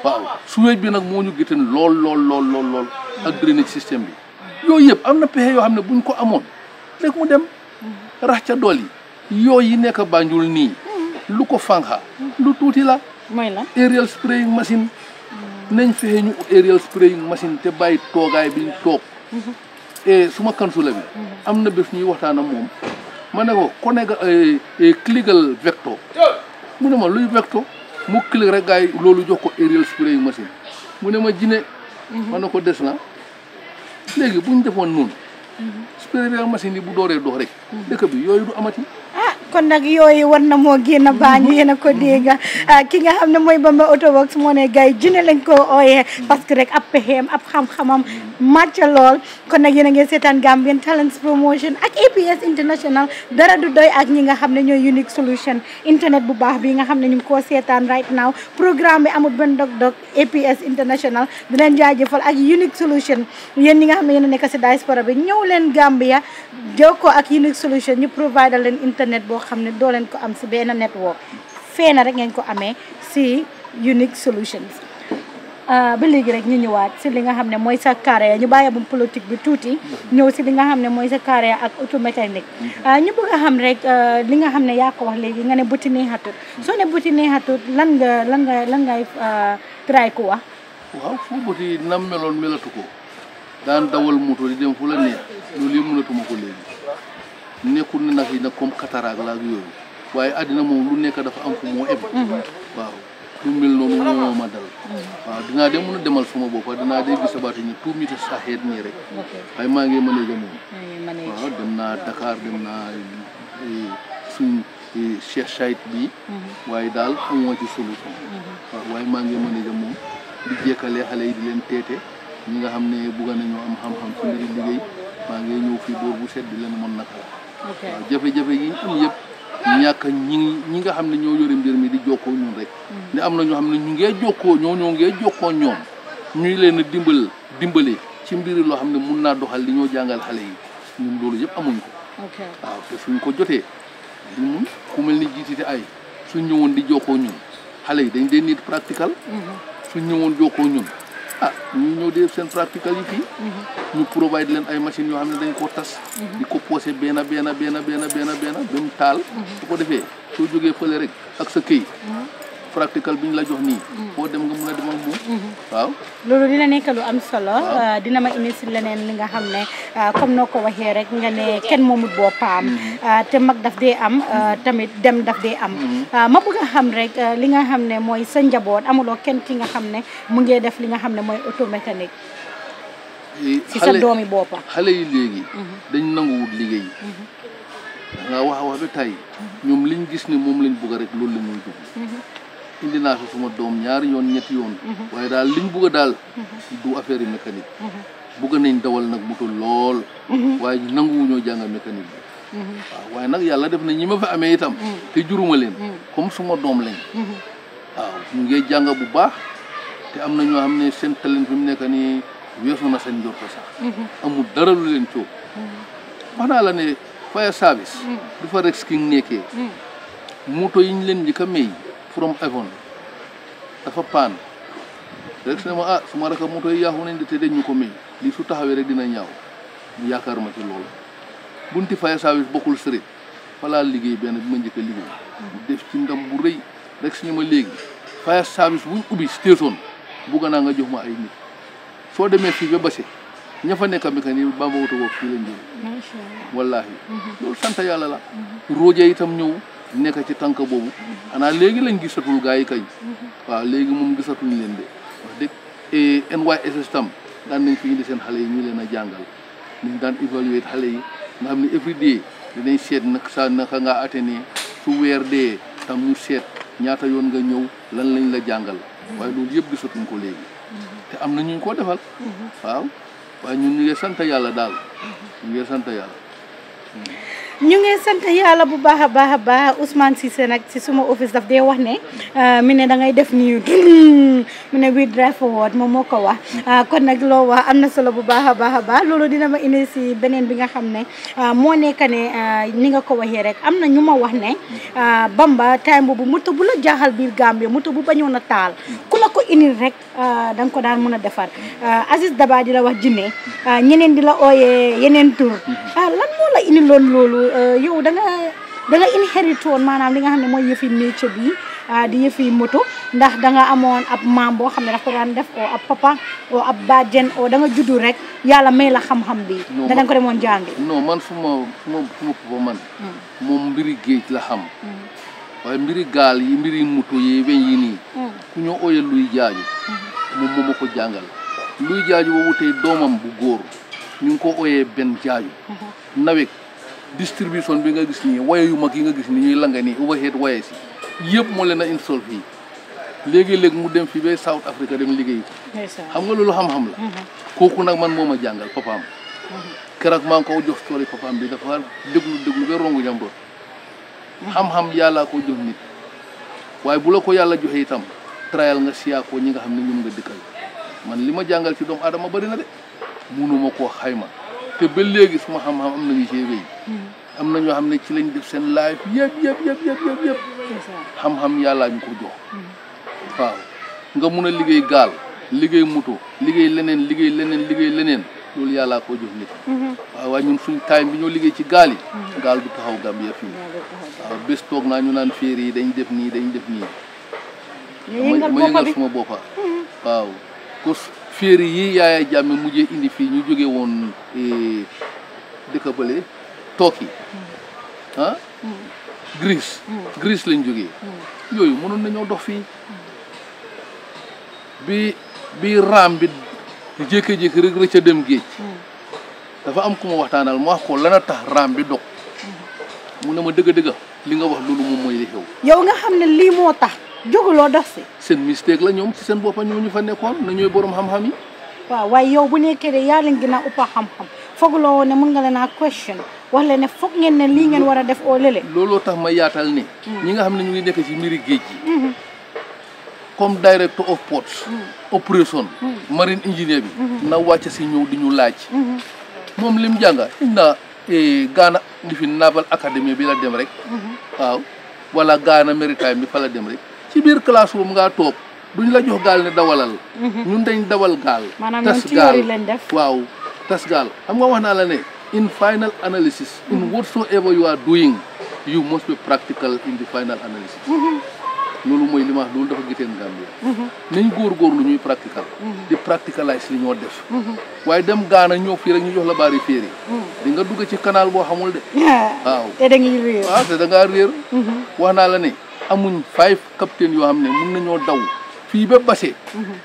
waaw suweej bi nag moo ñu gëtan lool lool lool lool lool ak drainage système bi yooyu yëpp am na pexe yoo xam ne bu ñu ko amoon rek mu dem rax ca dool yi yooyu yi nekk Banjul nii lu ko fanxa lu tuuti la mooy la aerial spraying machine nañ fexe ñu aerial spraying machine te bàyyi toogaay biñ toog E, suma kansula bi mhm. am na bés ñuy waxtaan ak moom ma ne ko ko nekk e, e, cligal vecto mu ne ma luy vecto mu clic rek gars yi loolu jox ko aerial spraying machine mu ne ma jine mhm. ma ne ko des na léegi bu ñu defoon noonu mhm. spraying machine yi bu dooree dox rek dëkk bi yooyu du amati kon nag yooyu war na moo génn baañ yéen a ko dégg ah, ki nga xam ne mooy Bamba Auto Works moo ne gay june lañ ko ooyee parce que rek ab pexeem ab xam-xamam màcc lool kon nag yéen a ngeen seetaan Gambian Talents Promotion ak APS International dara du doy ak ñi nga xam ne ñooy unique solution internet bu baax bi nga xam ne ñu ngi koo seetaan right now programme bi amul benn dog-dog APS International di leen jaajëfal ak unique solution yéen ñi nga xam ne yéen a nekk si diaspora bi ñëw leen Gambia jokkoo ak unique solution ñu provide leen internet boo boo xam ne doo leen ko am si benn network fee na rek ngeen ko amee si unique solutions euh, ba léegi rek ñu ñëwaat si li nga xam ne mooy sa carrière ñu bàyyi bu politique bi tuuti ñëw si li nga xam ne mooy sa carrière ak auto mécanique euh, ñu bëgg a xam rek euh, li nga xam ne yaa wax léegi nga ne buti neexatut soo ne buti neexatut lan nga lan nga lan ngay try ko wax waaw foo buti nam meloon melatu ko daan dawal moto di dem fu la neex loolu yëpp mënatuma ko léegi nekkul na nag yi nag comme cataracte la ak yooyu waaye àddina moom lu nekk dafa am fu moo eb waaw lu mel noonu moo ma dal waaw dinaa de mën a demal suma bopp dinaa de gis sabaati ñu tout miti saxeet rek waaye maa ngi mën a jëm waaw dem naa Dakar dem naa eh, suñ eh, Cheikh Saïd bi mhm. waaye daal amoo mhm. maa ngi mën a moom di jekkale xale yi di leen teete ñi nga xam ne bugga nañu am xam-xam ci mbiri liggéey maa ngi ñëw fii dóor bu set leen mën naka waaw jafe-jafe yi ñu am yëpp ñàkk ñi ñi nga xam ne ñoo yore mbir mi di jokkoo ñun rek mm. ne am na ñoo xam ne ñu ngee jokkoo ñoo ñoo ngee jokkoo ñoom ñuy leen a dimbal dimbale ci mbiri loo xam ne mun naa doxal li ñoo jàngal xale yi ñun loolu yëpp amuñ ko waaw te suñ ko jotee du mun ku mel ni jiitite ay suñ ñëwoon di jokkoo ñun xale yi dañ dee nit practical mm-hmm. suñ ñëwoon jokkoo ñun ah ñu ñëw di def seen pratical yi fii mhm. ñu provide leen ay machine yoo xam ne dañ koo tas mhm. di ko posé benn benn benn benn benn benn ba mu taal mhm. su ko defee soo jógee fële rek ak sa këy practical bi ñu la jox nii. Mm. foo dem nga mën a dem ak mm-hmm. loolu dina nekk lu am solo. Ah, dina ma indi si leneen li nga xam ne ah, comme noo ko waxee rek nga ne kenn moomut boppam. Mm-hmm. Ah, te mag daf dee am mm-hmm. tamit dem daf dee am. ma bëgg a xam rek li nga xam ne mooy sa njaboot amuloo kenn ki nga xam ne mu ngee def li nga xam ne mooy auto mécanique. Eh, si sa doomi boppam xale la ñuy indi naa fi suma doom ñaari yoon ñetti yoon. Mhm. waaye daal liñ bugg a daal. Mhm. du affaire yi mécanique. Mhm. bugg nañ dawal nag moto lool. waaye nanguwuñoo jàngal mécanique bi. waaye nag yàlla def na ñi ma fa amee itam. te juruma leen. comme suma doom lañ. waaw ñu ngi jàng bu baax te am na ñoo xam ne seen talent fi mu nekk nii weesu na seen njort sax. amul dara lu leen coow. wax naa la ne fire service. du fa rek ki nekkee. moto yi leen njëkk a from heaven dafa Pan. rek sama ah sama rek moto yi yaaxu nañ te dañ ñu ko may li su taxawé rek dina ñaaw mu ma ci lool bunti fay service bokul sërit falaa liggéey ben bu ma njëkk a liggéey def ci ndam bu reuy rek suñu ma léegi fay service buñ ubbi station bu gëna nga jox ma ay nit fo démé fii ba bassé ña fa nekk yi ba ma wutu woo la ñëw wallahi lool mhm. sante yalla la roje itam ñëw nekk ci tànk boobu xanaa léegi lañ gisatul gars yi kañ waaw léegi moom gisatuñ leen de wax dëgg tam daan nañ fi indi seen xale yi ñu leen a jàngal ñu daan évaluer xale yi nga xam ne every day dinañ seet nag sa naka nga atteindre su weer dee tam ñu seet ñaata yoon nga ñëw lan lañ la jàngal waaye loolu yëpp gisatuñ ko léegi te am na ñu ko defal mm-hmm. waaw waaye ñun ñu ngi sant yàlla daal ñu ngi sant yàlla ñu ngi sant yalla bu baaxa baaxa baax Ousmane Cissé nak ci suma office daf dee wax né euh ah, miné da ngay def nii miné wi drive forward mo moko ko wax ah, kon nak lo wax amna solo bu baaxa baaxa baax lolu dina ma indi si Benen bi nga xamné mo ah, moo ni nga ko waxé rek amna ñuma wax né Bamba time bu mutu bu la jaaxal bir Gambie mutu bu bañu Natal, taal ku la ko indil rek dang ko daan mëna défar Aziz Daba dila la wax jinné ñeneen di la yenen tour ah lan la lon loolu eh, yo da nga da nga inherit woon maanaam li nga ah, xam ne mooy métier bi ah, di yëfi moto ndax da nga amoon ab maam boo xam ne daan def oo ab papa oo ab bàjjen oo da nga juddu rek yàlla may la xam-xam bi da nga hmm. hmm. hmm. ko demoon jàngi non man fu ma fu ma man moom mbiri géej la xam waaye mbiri gaal yi mbiri moto yi weñ yi nii ku ñoo ooyal luy jaaju moom moo ma ko jàngal luy jaaju boobu tey doomam bu góor ñu ko ooyee benn jaaju naweeg distribution bi nga gis nii waye yu mag yi nga gis ni ñuy langa nii overhead waye si yëpp moo na a install fii léegi léeg mu dem fii ba South Africa dem liggéey ko xam nga loolu xam-xam la mm-hmm. kooku nag man moo ma jàngal papaam mm-hmm. keroog maa ngi ko jox tool yi papaam bi dafa déglu déglu ba rongu jàmbur mm-hmm. xam-xam yàllaa ko jox nit waaye bu la ko yàlla joxee itam trial nga siyaa ko ñi nga xam ne ñoom nga dëkkal man li ma jàngal ci doom adama bari na de munuma koo xayma te ba léegi suma xam-xam am na ñu see wéy am na ñoo xam ne ci lañ def seen live yëpp yëpp yëpp yëpp yëpp xam-xam yàllaa ñu ko jox mm-hmm. waaw nga mun a liggéey gaal liggéey muto liggéey leneen liggéey leneen liggéey leneen loolu yàllaa koo jox nit mm-hmm. waaw waaye suñ time bi ñoo liggéey ci gaal yi mm-hmm. gaal du taxaw Gambia fii waaw bés toog naa ñu naan féeri yi dañ def nii dañ def nii ma yëngal suma boppa waaw féeri yi yaaya jàmme mujjee indi fii ñu jóge woon e, dëkka bële tooki mm. ah mm. gris mm. lañ jógee yooyu mënoon nañoo dox fii bi bi raam bi di jékki-jékki dem géej dafa am ku ma waxtaanal ma wax ko lan tax raam bi dog mun ne ma dëgg-dëgg li nga wax loolu moom mooy li xew yow nga xam ne lii moo tax jóguloo dox si. seen mistake la ñoom si seen boppa ñoo ñu fa nekkoon na ñooy borom xam-xam yi. waaw waaye yow bu nekkee de yaa leen gën a xam-xam fooguloo woon ne mën nga leen a question wax leen ne foog ngeen ne lii ngeen war a def oo lele looloo tax ma yaatal ne. Mm. ñi nga xam ne ñu ngi nekk ci mbiri géej gi. Mm-hmm. comme director of ports. Mm. operation. Mm. marine engineer bi. Mm-hmm. na wàcc si ñëw di ñu laaj. Mm-hmm. moom lim jànga na eh, Ghana ndi fi Naval Academy bi la dem rek. waaw wala Ghana Maritime bi fa la dem rek. ci bir classroom nga top, duñ la jox gal ni dawalal mhm. ñun dañ dawal gal tas gal, waaw tas gal. xam nga wax na la ne in final analysis in mhm. whatsoever you are doing you must be practical in the final analysis mhm. lolu moy li ma wax loolu dafa giseen gor gor lu ñuy practical di practicalize li ñoo def waye dem gaana ñoo fi rek ñu jox la bari féré di nga dugg ci canal bo xamul de waaw té da nga rir waaw té da nga rir wax la ne amuñ five capitaine yoo xam ne mun nañoo daw fii ba base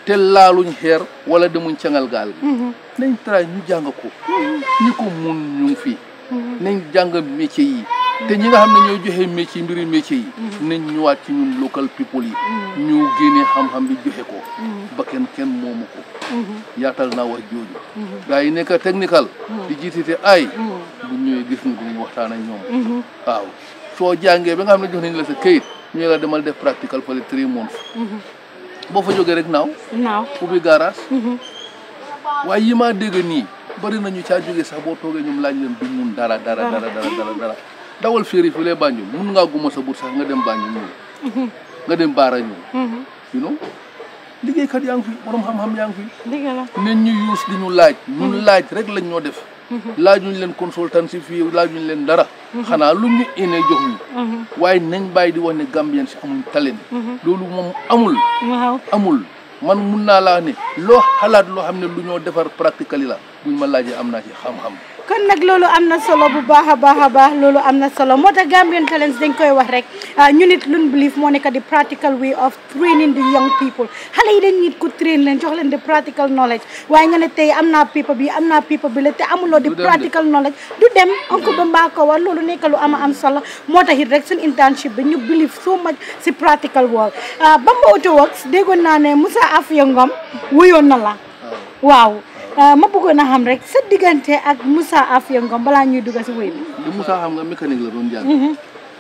te laaluñ xeer wala demuñ cangal gaal mhm. nañ tray ñu jàng ko ñi ko mun ñu ngi fii mhm. nañ jàng métier yi te ñi nga xam ne ñooy joxe métier yi mbiri métier yi nañ ñu ñëwaat ci ñun local people yi mhm. ñu génnee xam-xam bi joxe ko ba kenn kenn moomu ko yaatal naa wax jooju gars yi technical di jiitite ay bu ñëwee gis nga duñu waxtaan ak ñoom waaw soo jàngee ba nga xam ne jox nañ la sa këyit ñu la demal def practical for the three months mhm. boo fa jógee rek naaw naaw ubbi garage mhm. waaye yi maa dégg nii bari nañu caa jógee sax boo toogee ñoom laaj leen du mun dara dara dara dara dara dawal féeri fi lay Banjul mun ngaa guma sa bur sax nga dem Banjul ñuul mhm. nga dem Baara ñuul you know liggéeykat fi borom xam-xam yaa fi. dëgg la ñu use di ñu laaj ñun laaj rek lañ ñoo def laajuñ leen consultancy fii laajuñ leen dara. xanaa lu ñu ene jox ñu. waaye nañ bàyyi di wax ne Gambien si amuñ talent. loolu moom amul. amul man mun naa laa ne loo xalaat loo xam ne lu ñoo defar practically la buñ ma laajee am naa ci xam-xam. kon nak lolu amna solo bu baakha baakha baax lolu amna solo moo Gambian Talents dañ koy wax rek ah, ñu nit luñ believe mo nek di practical way of training the young people xalé yi dañ nit ko train leen jox leen de practical knowledge way nga ne tay amna people bi amna people paper bi la te amuloo di practical knowledge du dem onko ba mbaa ko war loolu lu ama am solo moo tax it rek sun internship bi ñu believe so much ci practical world ah, Bamba Auto Works degon na ne musa Afia Ngom wuyoon na la ah. waaw Euh, ma bëggoon a xam rek sa diggante ak Moussa Afia Ngum balaa ñuy dugg si woy bi. li Moussa xam nga mécanique la doon jàng. Mhm.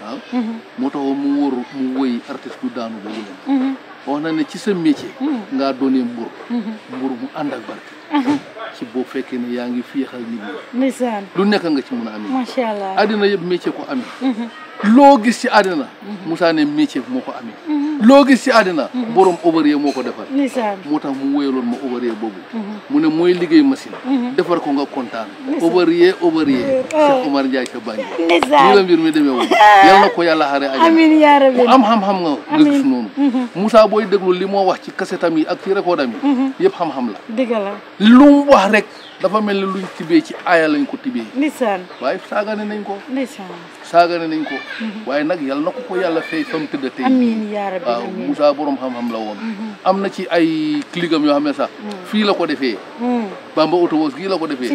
waaw mhm. moo tax mu wóor mu woy artiste bu daanu ba leen. Mhm. wax na ne ci sa métier. ngaa doonee mbur. mbur mu ànd ak ci boo fekkee ne yaa ngi féexal nit ñi. ndeysaan lu nekk nga ci mun a amee. macha allah addina yëpp métier ko amee. loo gis ci àddina Moussa ne métier moo ko amee loo gis ci àddina boroom ouvrier moo ko defar moo tax mu wéyaloon ma ouvrier boobu mhm. mu ne mooy liggéey machine mhm. defar ko nga kontaan ouvrier ouvrier ah. Cheikh Omar Ndiaye sa bànj mbir mi demee woon ah. yal na ko yàlla xare aja amiin yaa xam-xam nga nga gis noonu mhm. Moussa booy déglu li moo wax ci kasetam yi ak ci rekoodam yi yëpp xam-xam la dëgg la lu wax rek dafa mel ne luñ tibee ci aaya lañ ko tibee ndeysaan waaye saagane nañ ko saagane nañ ko waaye nag yal na ko ko yàlla fay fam tëdda tey waaw Moussa borom xam-xam la woon mhm. am na ci ay cligam yoo xam ne sax mhm. fii la ko defee mhm. Bamba Autobus gii la ko defee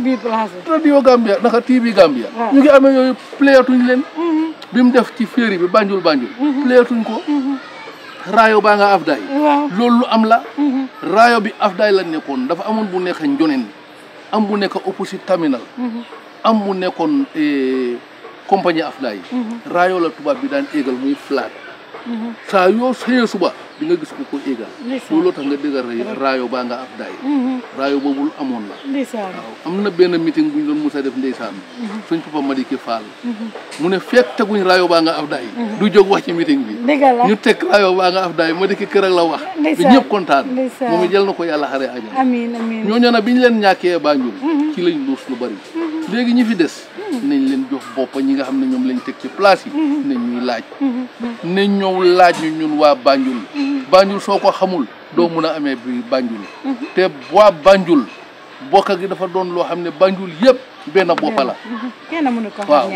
radio Gambia naka TV Gambia ñu ngi amee yooyu pléyatuñ leen bi mu def ci féeri bi Banjul Banjul pléyatuñ ko raayo baa nga afdaay loolu am la raayo bi afdaay la nekkoon dafa amoon bu nekk njonen am bu nekk opposite terminal am bu nekkoon eh, compagnie Afla yi. Mhm. raayoo la tubaab bi daan éegal muy flat. Mhm. saa yoo xëyee suba di nga gis ku ko éegal. looloo tax nga déggal raayo baa nga Afla yi. Mhm. raayo boobu amoon na. ndeysaan am na benn meeting bu ñu doon musa def ndeysaan. suñ ma Madike Fall. mu ne fekk teguñ raayo baa nga Afla yi. du jog wax ci meeting bi. ñu teg raayo baa nga Afla yi Madike kër ak la wax. bi ñëpp kontaan. moom it jël na ko yàlla xare ajal. amiin amiin ñooñu bi ñu leen ñàkkee Banjul. ci lañ luus lu bari. léegi ñi fi des nañ leen jox boppa ñi nga xam ne ñoom lañ teg ci place yi mm-hmm. nañ ñuy laaj mm-hmm. nañ ñëw laaj ñu ñun waa Banjul mm-hmm. Banjul soo ko xamul doo mun a amee bi Banjul te waa Banjul bokka gi dafa doon loo xam ne Banjul yëpp benn boppa la kenn mënu ko xam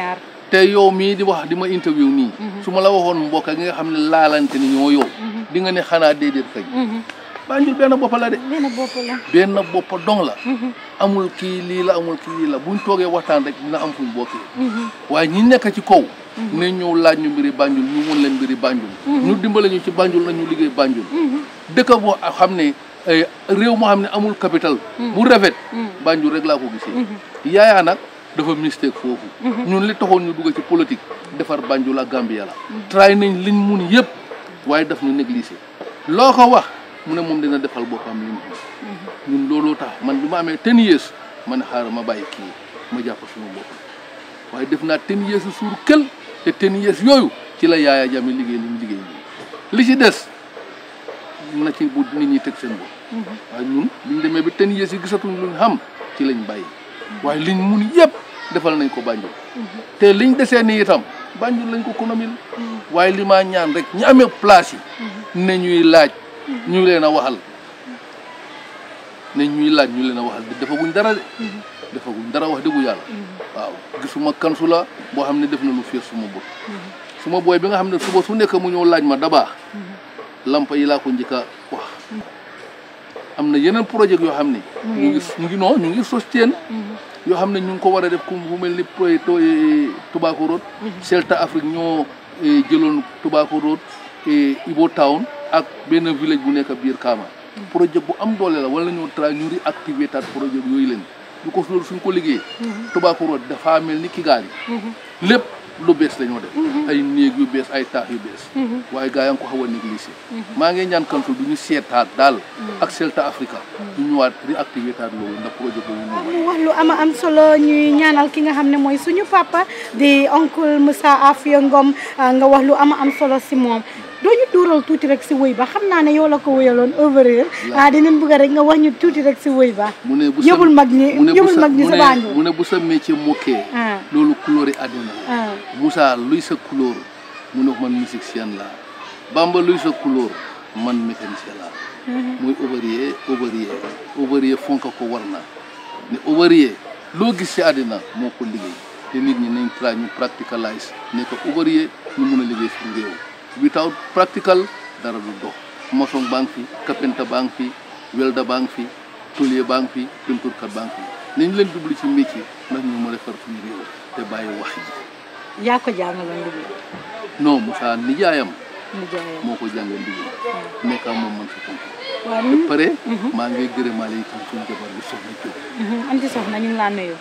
te yow mii di wax di ma interview nii su ma la waxoon mbokka gi nga xam ne laalante ni ñoo yow di nga ne xanaa déedéet kañ Banjul benn bopp la de. benn bopp la benn la. Mhm. amul kii lii la amul kii lii bu buñ toogee waxtaan rek na am fuñ bokkee. Mhm. waaye ñi nekk ci kaw. Mhm. ne ñëw laaj ñu mbiri Banjul ñu mun leen mbiri Banjul. ñu dimbale ñu ci Banjul na ñu liggéey Banjul. dëkk a xam ne eh, réew moo xam ne amul capital. bu rafet. Banjul rek laa ko gisee. yaayaa nag dafa mistake foofu. ñu li taxoon ñu dugg ci politique defar Banjul ak Gambia la. try nañ liñ mun yëpp waaye daf ñu négligé loo mu ne moom dina defal boppam li mu xam looloo tax man bi ma amee ten years ma ne xaaral ma bàyyi kii ma jàpp suñu boppam waaye def naa ten years suur kël te ten years yooyu ci la Yaya Jammeh liggéey li mu liggéey li ci des na ci bu nit ñi teg seen bopp waaye ñun bi ñu demee yi gisatuñ luñ xam ci lañ bàyyi waaye liñ mun yëpp defal nañ ko Banjul te liñ desee ni itam Banjul lañ ko konomil waaye li ma ñaan rek ñi amee place yi ñuy laaj ñu leen a waxal ne ñuy laaj ñu leen a waxal defaguñ dara de. defaguñ dara wax dëggu yàlla. waaw gisuma kansula boo xam ne def na lu fiir suma bët. suma booy bi nga xam ne suba su nekk mu ñëw laaj ma dabaax lampa yi laa ko njëkk wax. am na yeneen projet yoo xam ne. ñu ngi ñu ngi non ñu ngi sosteen. yoo xam ne ñu ngi ko war a def ku mel ni projet e, Tobacco root mhm. Celta Afrique ñoo e, jëloon Tobacco Road e, Ibo Town. ak benn village bu nekk biir Kaama. Mm. projet bu am doole la wala ñoo tra ñu réactivé taat projet yooyu leen ñu ko loolu suñ ko liggéeyee. Mm-hmm. Tobacco Road dafaa mel ni Kigali. Mm-hmm. lépp lu bees dañoo def. Mm-hmm. ay néeg yu bees ay taax yu bees. waaye gaa yaa ngi ko xaw a maa ngi ñaan kantul du ñu seetaat daal. ak Celta Africa. du ñu ñëwaat réactivé taat loolu ndax projet boobu ñu. wax lu ama am solo ñuy ñaanal ki nga xam ne mooy suñu papa di oncle Moussa Afia Ngom nga wax lu ama am solo si doo ñu tuural tuuti rek si woy ba xam naa ne yow la ko woyaloon ouvrier ah dinañ bëgg rek nga wax ñu tuuti rek si woy ba yëbul mag ñi yëbul mag ñi sa Banjul mu ne bu sa métier mokkee ah. loolu couleur yi àdduna ah. Moussa luy sa couleur mu ne man musicien la Bamba luy sa couleur man mécanicien la mm-hmm. muy ouvrier ouvrier ouvrier fonk ko war na ne ouvrier loo gis si àddina moo ko liggéey te nit ñi nañ tra ñu practicalise ne ko ouvrier ñu mun a liggéey suñu réew without practical dara du dox maçon baa ngi fi kapenta baa ngi fi welda baa ngi fi tôlier baa ngi fi pinturkat baa ngi fi nañ leen jublu ci métier ndax ñu mën a defar suñu réew te bàyyi wax ji. yaa ko jàngaloon liggéey. non Moussa nijaayam. nijaayam moo ko jàngal liggéey. nekkaa moom man sa tontu. waaw hmm. te pare. Hmm. maa ngi gërëmaale itam suñu jabar bi soxna Diop. Mhm. am ci soxna ñu ngi laa nuyu.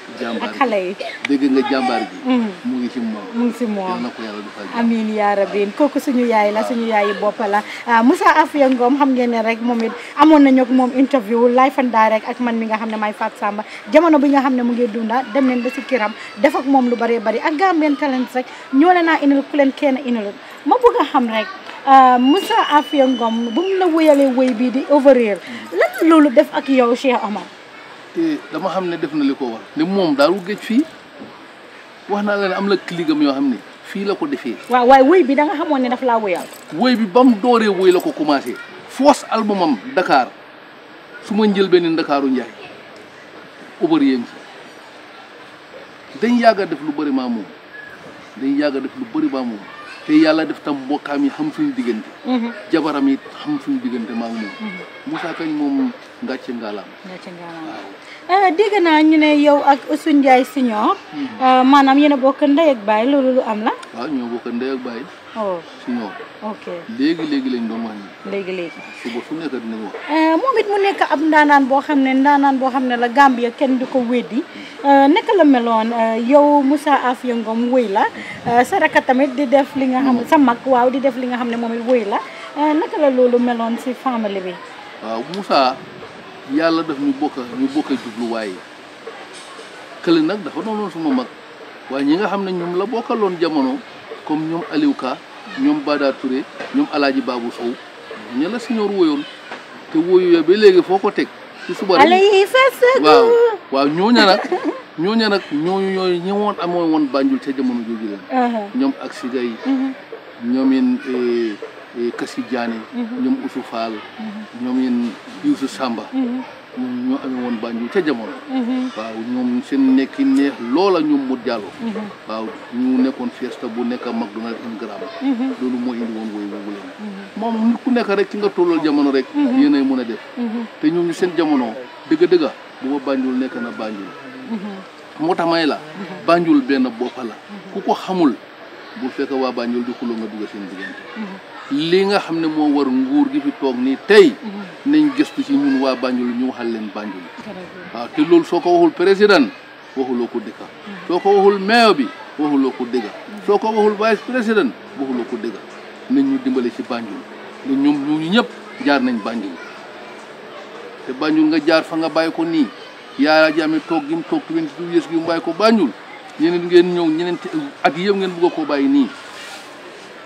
ak xale yi dégg nga jàmbaar bi. Mhm. mu ngi ci moom mu ngi ci moom. amiin yaa kooku suñu yaay la suñu yaayi bopp la ah, Moussa Afia Ngom xam ngeen ne rek moom it amoon nañu ak moom interview live and direct ak man mi nga xam ne maay Fatou Samba jamono bi nga xam ne mu ngi dunda dem leen ba ci kiram def moom lu bëree bari ak Gambian Talents rek ñoo leen naa indil ku leen kenn indil ma bëgg a xam rek. Ah, Moussa Afia Ngom bu mu la wéyalee wéy bii di Over Real mhm. lan loolu def ak yow Cheikh oma te dama xam ne def na li ko war ne moom daal wu géej fii wax naa la ne am la kiligam yoo xam ne fii la ko defee. waaw waaye woy bi da nga xamoon ne daf laa woyal. woy bi ba mu dooree woy la ko commencé foos albumam ndakaar su ma njël benn Ndakaaru Njaay ubar yéen si dañ yàgg def lu bari maa moom dañ yàgg def lu bëri maa moom te yàlla def tam mbokkaam yi xam suñu diggante. Mhm. jabaram yi xam suñu diggante maa moom. Mhm. Moussa Kañ moom ngàcce ngaalaam. Eh, dégg naa ñu ne yow ak Ousseynou Ndiaye Senior. Hmm. Eh, maanaam yéen a bokk ndey ak baay loolu lu am la. waaw ah, ñoo bokk ndey ak baay. oh Senior. ok léegi lañ doon wax nii. léegi léegi. suba su nekk dina ko eh, moom it mu nekk ab ndaanaan boo xam ne ndaanaan boo xam ne la Gambia kenn du ko weddi naka la meloon yow Moussa Afia Ngum wëy la sa rakk tamit di def li nga xam hmm. sa mag waaw di def li nga xam ne moom it wëy la naka la loolu meloon si famille bi. waaw ah, Moussa. yàlla daf ñu bokk ñu bokk a jubluwaay kële nag dafa doonoon suma mag waaye ñi nga xam ne ñoom la bokkaloon jamono comme ñoom Aliou ñoom Bada Touré ñoom Alaaji Baabu Sow ña la si ñor te woyu ba léegi foo ko teg ci suba waaw waaw ñooña nag ñooña nag ñooñu ñooy ñi woon amoon woon Banjul ca jamono jooju leen ñoom ak Siga yi mhm. ñoomin Eh, Kassi Diané. Mhm. ñoom Oussou Fall. Mhm. ñoom yéen Youssou sàmba mhm. ñoom ñoo amee woon Banjul ca jamono. waaw ñoom seen nekki neex loola ñoom mu jàll. waaw ñu nekkoon fiesta bu nekka a McDonald loolu moo indi woon woy boobu leen. moom nit ku nekk rek ci nga tollal jamono rek. yéen mën a def. te ñoom ñu seen jamono dëgg dëgg bu ba nekk na Banjul. moo tax may la. Banjul benn bopp la. ku ko xamul bu fekk waa Banjul di xuloo nga dugg seen diggante. li nga xam ne moo war nguur gi fi toog nii tey nañ gëstu ci ñun waa Banjul ñu waxal leen Banjul waaw ah, te loolu soo ko waxul président waxuloo ko dëkka hmm. soo ko waxul maire bi waxuloo ko dëgga hmm. soo ko waxul vice président waxuloo ko dëgga nañ ñu dimbale si Banjul ne ñoom ñu ñépp jaar nañ Banjul te Banjul nga jaar fa nga bàyyi ko nii Yaya Jammeh toog gi mu toog twenty two years gi mu bàyyi ko Banjul ñeneen ngeen ñëw ñeneen ak yëpp ngeen bëgg koo bàyyi nii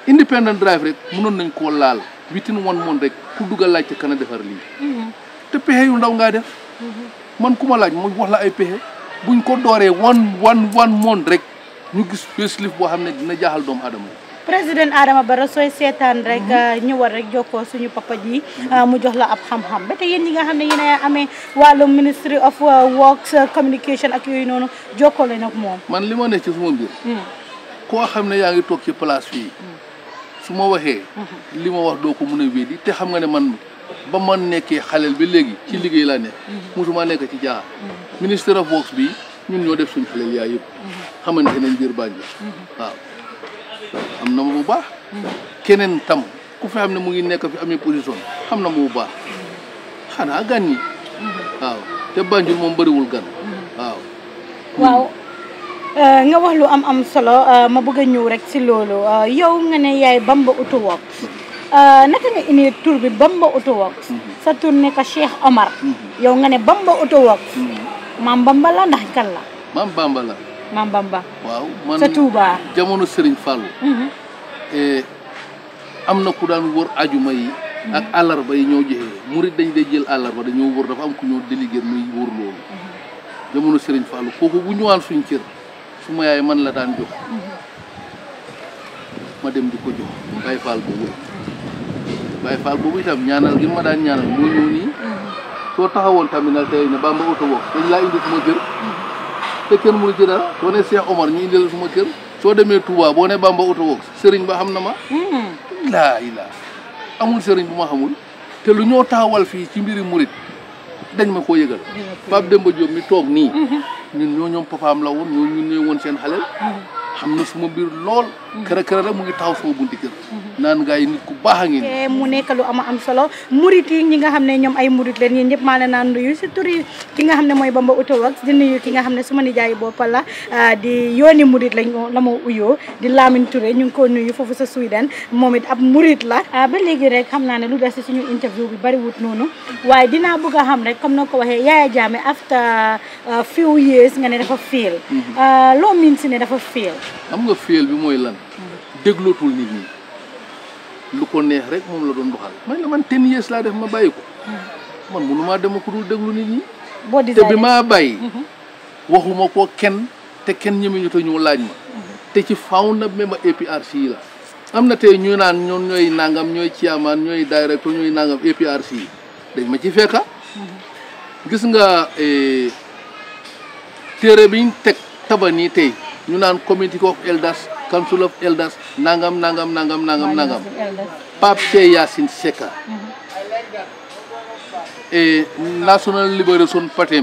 independent drive rek mënoon nañ koo laal within one month rek ku dugg laajte kan a defar lii. Mm-hmm. te pexe yu ndaw ngaa def. Mm-hmm. man ku ma laaj mooy wax la ay pexe buñ ko dooree one one one month rek ñu gis facelift boo xam ne dina jaaxal doom aadama yi. président Adama Barrow sooy seetaan rek mm-hmm. ah, war rek jokkoo suñu papa ji ah, mu jox la ab xam-xam ba te ñi nga xam ne yéen a amee wàllum ministry of ah, works communication ak yooyu noonu jokkoo leen moom. man li ma ne ci suma mbir. Mm. xam ne yaa ngi toog ci place fii. Mm. su ma waxee li ma wax doo ko mën a wéddi te xam nga ne man ba ma nekkee xaleel bi léegi ci liggéey laa ne mosuma nekk ci jaar ministère of works bi ñun ñoo def suñ xaleel yaay yëpp xamante nañ biir bàñ waaw am na ma bu baax keneen tam ku fi xam ne mu ngi nekk fi amee position xam na ma bu baax xanaa gan ñi waaw te Banjul moom bariwul gan waaw Euh, nga wax lu am am solo euh, ma bëgg a ñëw rek si loolu euh, yow nga ne yaay Bamba Auto Works naka nga indi tur bi Bamba Auto Works sa tur nekk Cheikh Omar yow nga ne Bamba Auto Works maam Bamba la ndax kala la maam Bamba la maam Bamba waaw man sa Touba jamono Serigne mhm. e, am na ku daan wër ajuma yi ak àllarba yi ñoo joxee murit dañ dee jël àllarba dañoo wër dafa am ku ñoo délégué muy wër loolu mhm. jamono Serigne Fallou kooku bu ñëwaan suñ kër suma yaay man la daan jox ma dem di ko jox Baye Fall boobu Baye Fall boobu itam ñaanal gi ma daan ñaanal moo ñëw nii soo taxawoon terminal tey ne Bamba oto boobu kër te kenn mënu ci dara soo ne Cheikh Omar soo demee Touba boo ne Bamba sëriñ ba xam na ma hmm. laa amul sëriñ bu ma xamul te lu ñoo taxawal fii ci mbiri murit dañ ma koo yëgal Pape Demba Diop mi toog nii mhm. ñun ñoo ñoom papaam la woon ñoo ñu ne woon seen xale mhm. xam na suma biir lool kër mm-hmm. kër rek mu ngi taxaw sama bunti kër mm-hmm. naan gaa yi nit ku a ngi nii eh, mu nekk lu ama nga ay murit leen ñun ñëpp maa leen naan nuyu si turi ki nga xam ne mooy Bamba Auto Works di nuyu ki nga xam ne suma nijaay bopp la ah, di yooni murit la ma uyoo di Lamine Touré ñu ko nuyu foofu sa Sweden moom it ab murit la ah, ba léegi rek xam naa ne lu des si suñu interview bi bari wut noonu waaye dinaa bëgg a xam rek comme na ko waxee Yaya Jammeh after ah, few years nga ne dafa fail mm-hmm. loo miin si ne dafa fail xam nga fail déglootul nit ñi lu ko neex rek moom la doon doxal man la man ten years laa def ma bàyyi ko man mënumaa dem ku dul déglu nit ñi te bi maa bàyyi mm-hmm. waxuma ko kenn te kenn ñemeñu te ñëw laaj ma mm-hmm. te ci founder member APRC yi la am na tey ñu naan ñoom ñooy nangam ñooy chairman ñooy directeur ñooy nangam APRC yi dañ ma ci fekka mm-hmm. gis nga eh, téere biñ teg taba nii tey ñu naan community of elders Council of Elders nangam nangam nangam nangam nangam Pape Cheikh Seka e National Liberation Party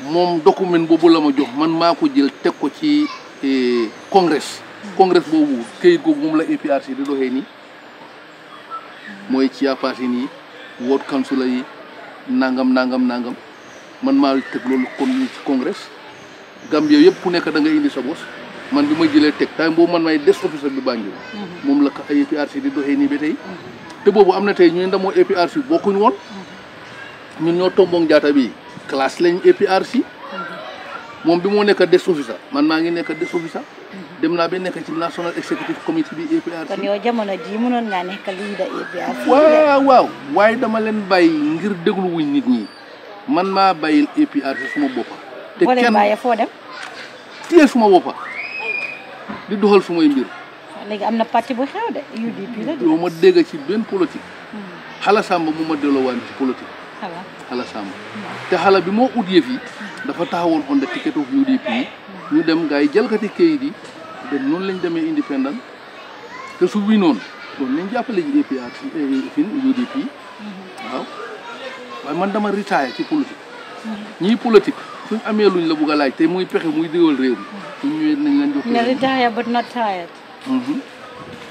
mom document bobo la ma jox man mako jël teg ko ci e, congrès congrès boobu këyit googu moom la APRC di doxee nii mooy ciapasin yi ward councilor nangam nangam nangam man maa teg loolu kon Gambie yëpp ku nekk da nga indi sa bos man bi ma jëlee teg time boobu man may des officer bi Banjul mhm. moom la ko ay APRC di doxee nii ba tey te boobu am na tey ñu ndamoo APRC ñu woon mhm. ñun ñoo tomboog jaata bi classe lañ APRC mhm. moom bi moo nekk des officer man maa ngi nekk des officer dem naa ba nekk ci national executive committee bi APRC. kon yow jamono jii mënoon naa nekk leader APRC. waaw waaw waaye dama leen bàyyi ngir déglu wuñ nit ñi man maa bàyyil APRC suma bopp. te kenn bàyyee foo dem téye suma boppa di doxal sumay mbir léegi am na parti bu xew de UDP la doo ma dégg ci benn politique xala sàmba mu ma delloowaan ci politique xala sàmba te xala bi moo ut yëf yi dafa taxawoon on the ticket of UDP ñu dem gars yi jalkati kayit yi dem noonu lañ demee indépendant te su wi noonu doon nañ jàppale ji APR fin UDP waaw waaye man dama retire ci politique ñii politique suñ amee luñ la bugg a laaj te muy pexe muy déwal réew mi suñ ñëwee nañ leen jox ne retire but not tired mhm.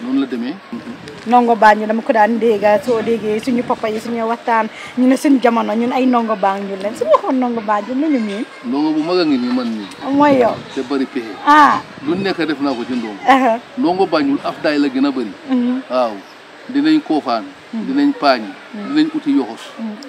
noonu la demee mhm. ndongo baa ñu dama ko daan dégga soo déggee suñu papa yi suñu waxtaan ñu ne suñu jamono ñun ay ndongo baa ñu leen suñu waxoon ndongo baa ñu lu ñu bu mag a ngi nii man nii mooy yow te bëri pexe ah nekk def naa ko ci ndongo ndongo baa ñu la gën a bëri mhm. waaw dinañ koofaan dinañ paañ dinañ uti yoxos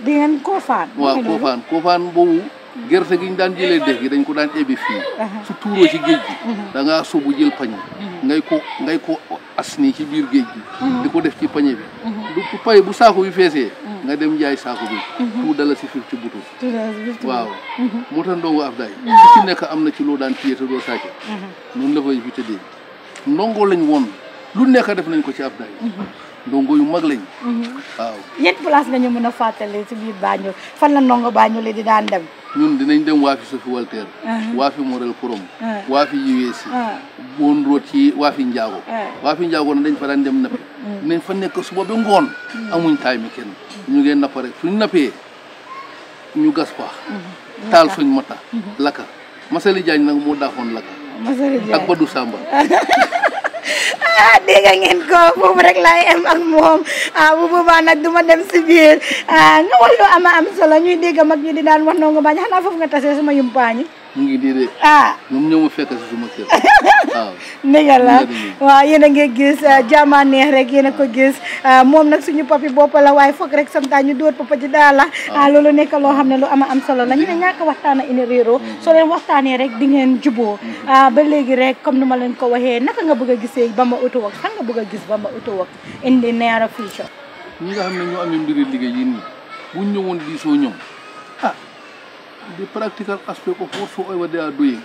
dinañ koofaan waaw koofaan koofaan boobu gerte gi ñu daan jëlee de gi dañ ko daan ebi fii uh-huh. su tuuroo ci géej gi uh-huh. da ngaa subu jël pañe uh-huh. ngay ko ngay ko as nii ci biir géej gi di ko def ci pañe bi du pay bu saako bi feesee nga dem jaay saako bi tout dala si fifty butul waaw moo tax ndongo Abdoulaye su ci nekk am na ci loo daan téye te doo sàcce noonu la fay fi tëddee ndongo lañ woon lu nekk def nañ ko ci Abdoulaye ndongo yu mag lañ waaw ñett place nga ñu mën a fàttali si biir Banjul fan la ndongo Banjul di daan dem ñun dinañ dem waafi Sophie Walter ah. waafi Morel Kurum ah. waafi Yuweesi ah. boon rooti waafi Njaago waafi Njaago na dañ fa daan dem nappi nañ fa nekk suba ba ngoon hmm. amuñ taay mi kenn hmm. ñu ngeen nappa rek suñ nappee ñu gas paax hmm. taal suñ mata lakka Masali Jaañ nag moo daaxoon lakka ak Badou Samba ah dégg ngeen ko foofu rek laay am ak moom ah bu boobaa nag du ma dem si biir ah nga wax lu ama am solo ñuy dégg mag ñi di daan wax noonu nga bañ xanaa foofu nga tasee suma yumpaañi mu ngi nii de. Ah. la waaw yéen a ngi gis ah, jaama neex rek yéen a ko gis ah, moom nag suñu papi bopp la waaye foog rek samta ñu dóor papa ji daal la. ah loolu nekk loo xam ne lu ama am solo la ñu ne ñàkk waxtaan a indi mm-hmm. waxtaanee rek di ngeen juboo mm-hmm. ba léegi rek comme nu ma leen ko waxee naka nga bëgg a gisee Bamba Auto Works fan nga bëgg a gis Bamba Auto Works indi neera future. ñi nga xam ne ñoo amee mbiri liggéey yi ñëwoon diisoo ñoom. di practical aspect of whatsoever they are doing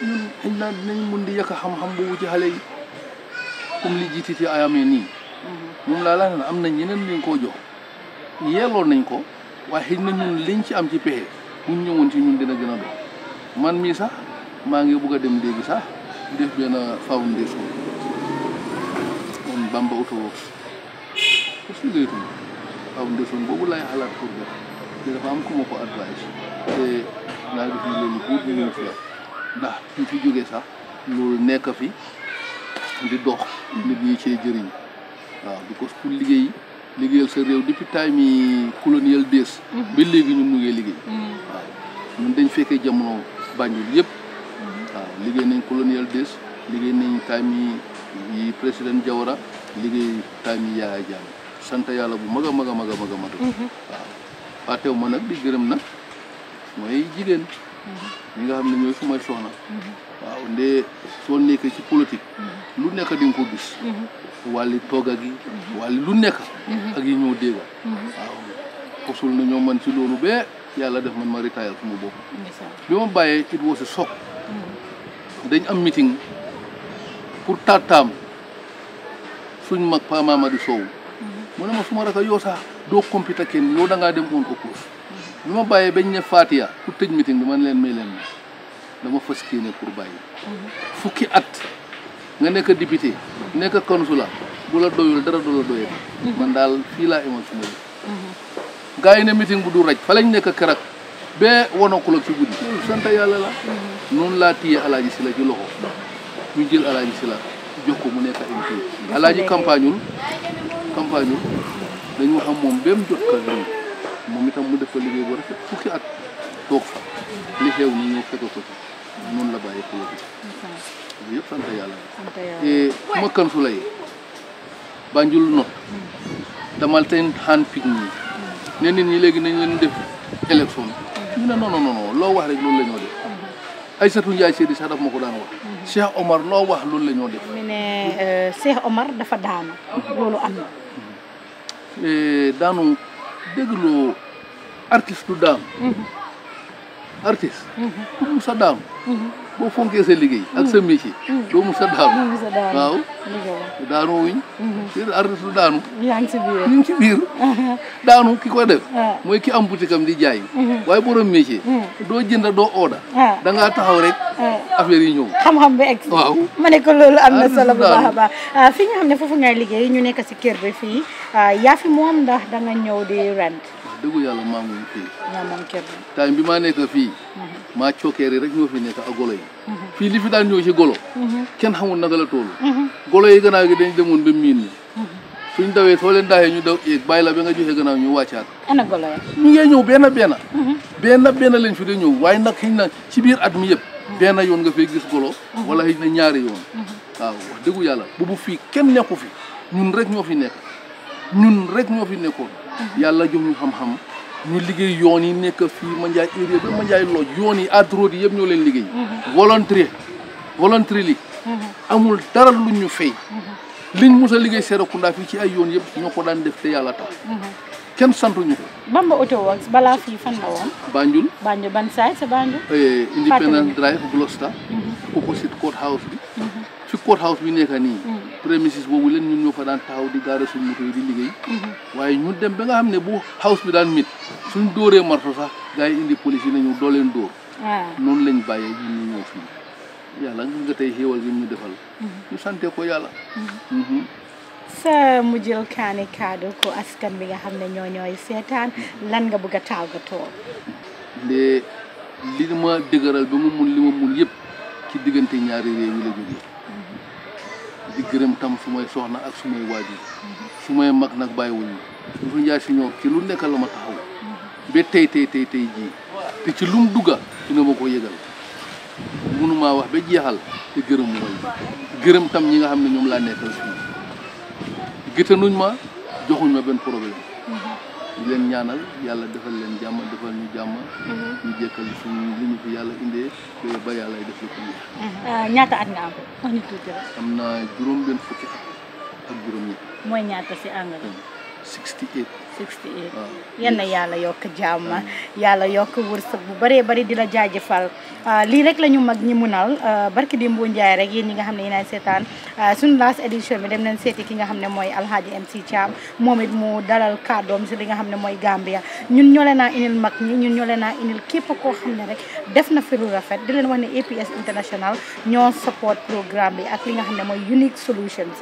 ñun xëy na dinañ mun di yàq xam-xam bu ci xale yi comme li jiititi ayamee nii mm-hmm. moom laa laa ne am na ñeneen lañ koo jox yeeloon nañ ko waaye xëy nañ liñ ci am ci pexe buñ ñëwoon ci ñun dina gën a dox man mii sax maa ngi bugg a dem léegi sax def benn foundation moom Bamba Auto Works parce que foundation boobu laay xalaat pour def te dafa am ku ko advice te naa def lu leen guur lu leen fi ndax ñu fi jógee sax loolu nekk fi di dox nit ñi cee jëriñ waaw di ko pour liggéey liggéeyal sa réew depuis time yi colonial days ba ñu ngi liggéey waaw ñun dañ fekkee jamono Banjul yëpp waaw liggéey nañ colonial days liggéey nañ time yi président Jawara liggéey time yi Yaaya Jammeh sant yàlla bu mag a mag a mag a mag a mag waaw fàttewu ma nag di gërëm nag mooy jigéen ñi nga xam ne ñooy sumay soxna waaw ndee soo nekkee ci politique lu nekk di ko gis wàlli togga gi wàlli lu nekk ak yi ñoo dégga waaw posul na ñoo man ci loolu bee yàlla def man ma retire fu ma bopp bi ma bàyyee it woo si soog mm-hmm. dañ am meeting pour taataam suñ mag Pa Mamadi Sow mm-hmm. mu ne ma suma raka yoo saa doo compite ak kenn loolu da ngaa dem woon au cours bi ma bàyyee bañ ne Fatia pour tëj meeting bi man leen may leen dama fas kéene pour bàyyi fukki at nga nekk député nekk consulat bu la doyul dara du la doyee man daal fii laa emoon su ma gaa ne meeting bu du raj fa lañ nekk kerak ba wanokulog ci guddi sant yàlla la noonu laa téye alaaji si la ci loxo ñu jël alaaji si la jox ko mu nekk ay alaaji campagne ul dañu xam moom bém jot ka lii moom itam mu def fa liggéey boo rafet fukki at toog fa li xew ni ñëw fekk ko ci noonu la bàyyi ko loolu yëpp sant yàlla la makkan su lay Banjul not damal xaan pic nii ne nit ñi léegi nañ leen def élection ñu ne non non loo wax rek loolu la ñoo def mhm. Aïssatou Ndiaye Seydi sax daf ma ko daan wax mhm. Cheikh Omar loo wax loolu la ñoo def mu euh, Omar dafa daanu mhm. loolu am Eh, daanu dégloo artiste du daanu mm-hmm. artiste doo mu sa daanu boo fonkee sa liggéey ak sa métier doo mu sa daanu waaw daanu wuñ seen artiste du daanu yaa ngi biir daanu ki ko def ah. mooy ki am boutique di jaay mm-hmm. waaye borom métier mm. doo jënd doo ooda ah. da ngaa taxaw rek ah. affaire yi ñëw xam-xam bi egg waaw ma ne ko loolu am na solo bu a baax fi nga xam ne ñu nekk si kër bi fii yaa moom ndax da nga ñëw di rent dëggu yàlla maa moom fii maa time bi maa nekk fii mhm. maa cokkeer yi rek ñoo fi nekk a golo yi mhm. fii li fi daan ñëw ci golo mhm. kenn xamul naka la toll golo yi gannaaw gi dañ demoon ba miin ni suñ dawee soo leen daayee ñu daw eeg bàyyi la ba nga joxe gannaaw ñu wàccaat ana golo ya ñu ngee ñëw benn benn benn benn lañ fi de ñëw waaye nag xëy na ci biir at mi yëpp benn yoon nga fay gis golo wala xëy na ñaari yoon waaw wax dëggu yàlla boobu fii kenn nekku fi ñun rek ñoo fi nekk yàlla jox ñu xam-xam ñu liggéey yoon yi nekk fii ma njaay urée ba ma njaay looj yoon yi adrode yi yëpp ñoo leen liggéey volontaire volontaire li amul dara lu ñu fay liñ mos a liggéey Serekunda fii ci ay yoon yëpp ñoo ko daan def te yàlla tax kenn santuñu ko ba Auto wax balaa fii fan la woon Banjul Banjul ban saay sa Banjul Independence Drive glosta opposite court house bi ci court house bi nekka nii mm. premises boobu leen ñun ñoo fa daan taxaw di gaare suñ moto yi di liggéey mm-hmm. waaye ñun dem ba nga xam ne bu house bi daan mit suñ dóoree marto sax gars yi indi police yi nañu doo leen dóor noonu lañ bàyyee ñun ñu ñëw fii yàlla nga tey xéewal gi ñu defal mm-hmm. ñu sante ko yàlla mm-hmm. sa mu kaani kaddu ko askan bi nga xam ne ñoo ñooy seetaan lan nga bëgg a tàggatoo nde li ma dëgëral ba mu mun li ma mun yëpp ci diggante ñaari réew di gërëm tam su may soxna ak su may waajur su may mag nag bàyyiwuñ ma Youssou Ndiaye si ñoom ci lu nekk la ma taxaw ba tey tey tey tey jii te ci lum dugga dina ma ko yëgal mënumaa wax ba jeexal te gërëm mooy gërëm ñi nga xam ne ñoom laa nekkal fii gëtanuñ ma joxuñ ma benn problème di leen ñaanal yàlla defal leen jàmm defal ñu jàmm. Mm-hmm. ñu jékkal suñu li ñu fi yàlla indee ba yàlla def lu ko neex. Mm-hmm. Uh, ñaata at nga am wax ñu tuuti rek. am naa juróom benn fukki at ak juróom ñett. mooy ñaata si anglais. 68 na yalla yok jàmm yalla yok wërsëg bu bari bari di jajeufal ah, li rek lañu mag ñi munal ah, barki Dembo ndjay rek yeen yi nga xamne ne setan ah, sun last edition, bi dem nañ seti ki nga xamne moy Alhaji MC cham momit mu dalal kàddoom ci li nga xamne moy Gambia ñun ñolena inil mag ñi ñun ñolena inil kep ko xamne rek def na firu rafet di leen wax ne APS International ñoo support programme bi ak li nga xamne moy unique solutions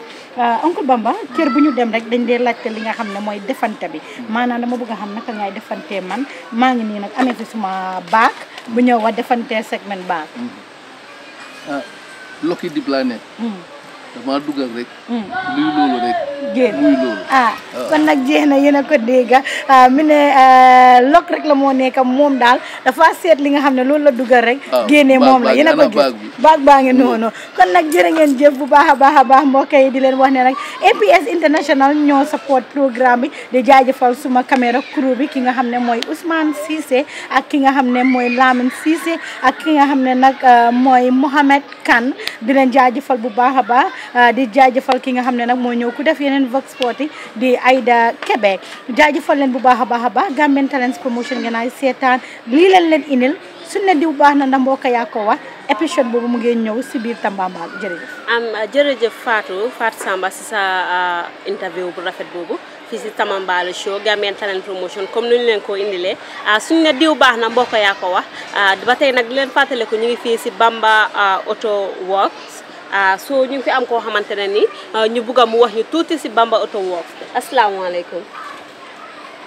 Oncle Bamba keer bu ñu dem rek dañ dé laccé li nga xamne moy defante bi maanaam dama bëgg a xam naka ngay defantee man maa ngi nii nag avertissement baak bu ñëw wax defantee segment baak mm-hmm. ah, Lucky di Planet damaa duggal rek. Hmm. luy loolu ah, ah. nag jeex na yéen a ko ah, lok rek la moo nekk moom daal dafa seet li nga xam ne loolu la dugal rek. génnee moom la yéen a ko gis baag baa ngi hmm. noonu. kon nag jërë ngeen jëf bu baax a baax a baax mbokk yi di leen wax ne nag APS international ñoo support programme bi di jaajafal suma caméra crew bi ki nga xam ne mooy Ousmane Cissé ak ki nga xam ne mooy Lamine Cissé ak ki nga xam ne nag mooy Mohamed Kane di leen jaajëfal bu baax a baax. Ah, di jaajëfal ki nga xam ne nag moo ñëw ku def yeneen Vox Sports di Aida Kébé jaajëfal leen bu baax a baax a baax Gambian Talents Promotion ngeen ay seetaan lii leen leen inil suñ ne diw baax na ndax mbokk yaa ko wax épisode boobu mu ngeen ñëw si biir Tambambalu jërëjëf. am jërëjëf Fatou Fatou Samba si sa ah, interview bu rafet boobu fii si Tambambalu show Gambian Talent Promotion comme ni leen ko indilee ah, suñ ne diw baax na mbokk yaa ko wax ba tey nag di leen fàttaliku ñu ngi fii si Bamba Auto Works. Ah, soo ñu ngi fi am koo xamante ne ni ah, ñu bugg a mu wax ñu tuuti si Bamba oto Works asalaamaaleykum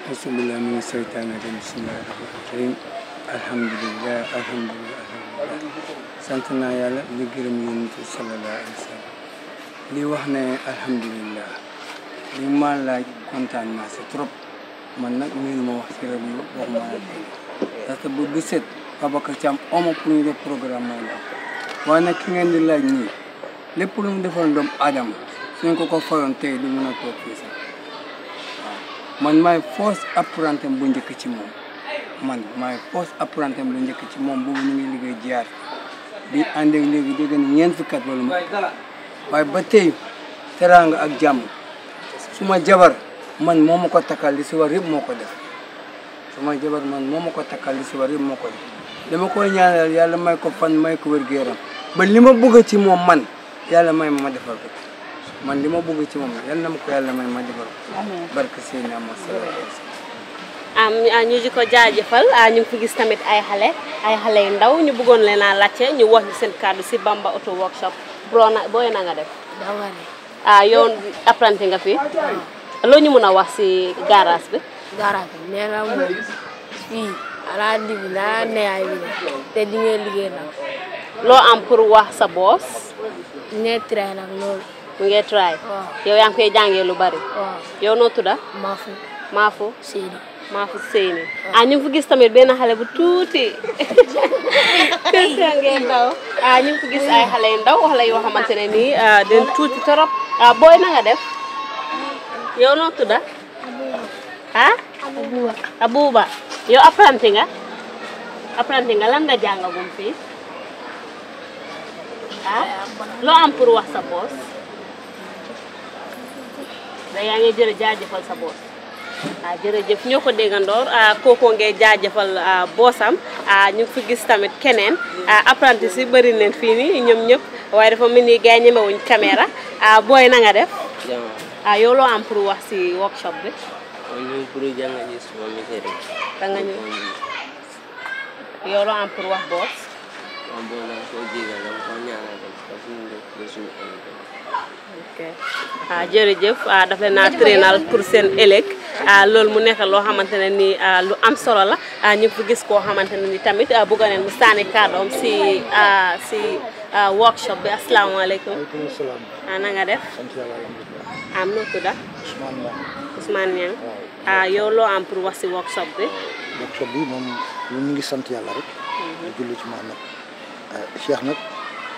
bisimilah mina seytaane rajim sant naa yàlla di gërëm yonent bi sallallahu alayhi li wax ne alhamdulilah li ma laaj kontaan naa si trop man nag mënu ma wax si rajo wax ma la parce bu bu set Babacar omo pour ñu programme la waaye nag ki ngeen di laaj nii lépp lu mu defoon doomu aadama suñ ko ko fayoon tey du mun a toog fii sax waaw man maay force apprenti bu njëkk ci moom man maay force apprenti bu njëkk ci moom boobu ñu ngi liggéey jiyaat bi ànd ak léegi dégg na ñeent fukki at wala mu waaye ba tey teraanga ak jàmm suma jabar man moo ma ko takkal si war yëpp moo ko def suma jabar man moo ma ko takkal li si war yëpp moo ko def dama yàlla may ko fan may ko wér-gu-yaram moom man yàlla may ma ma defal ko man li ma bugg ci moom ma yàlla may ma defal ko barke Seydina Muhammad sallallahu alayhi wa ah, ñu di ko jaajëfal ah, ñu ngi gis tamit ay xale ay xale yu ndaw ñu bëggoon leen a laajte ñu wax ñu seen kàddu si Bamba Auto Workshop na booy na nga def. ah yow apprenti nga fi. Ah. loo ñu mën a wax si garage bi. garage bi loo am pour wax sa boos. ñu ngi mu ngi try. Oh. yow yaa ngi koy lu bari. waaw oh. yow noo tudda. Maafu. Maafu. Seyni. Maafu oh. ah, gis tamit benn xale bu tuuti. ngeen ndaw ah gis ay xale yu ndaw xale yoo xamante ne nii ah, den tuuti torop. ah booy na nga def. yow noo tudda. ah. Abuuba. yow apprenti nga. apprenti nga lan nga jàngagum fii. lo am pour wax sa boss da ya ngi jere jaajeufal sa boss ah jërëjëf ñoo ko déggandoor ah, kookoo ngay ah, bossam a ah, ñu fi gis tamit keneen a apprentice bari neen fi ni ñom ñep way dafa mini ni gars wuñ caméra a boy na nga def ah yow lo am pour wax si workshop bi ñu pour jangani ji suma mi xere da nga ñu yow lo am pour wax boss bola sojira dan konyana dan kasunda besu ok ah, jërëjëf ah, daf leen a trainal pour seen ëllëg ah, loolu mu nekk loo xamante ni lu am ni tamit si si workshop bi asalaamaaleykum. waaleykum salaam. na nga def. sant yàlla alhamdulilah. am noo workshop bi. workshop bi di mhm. julli cheikh nak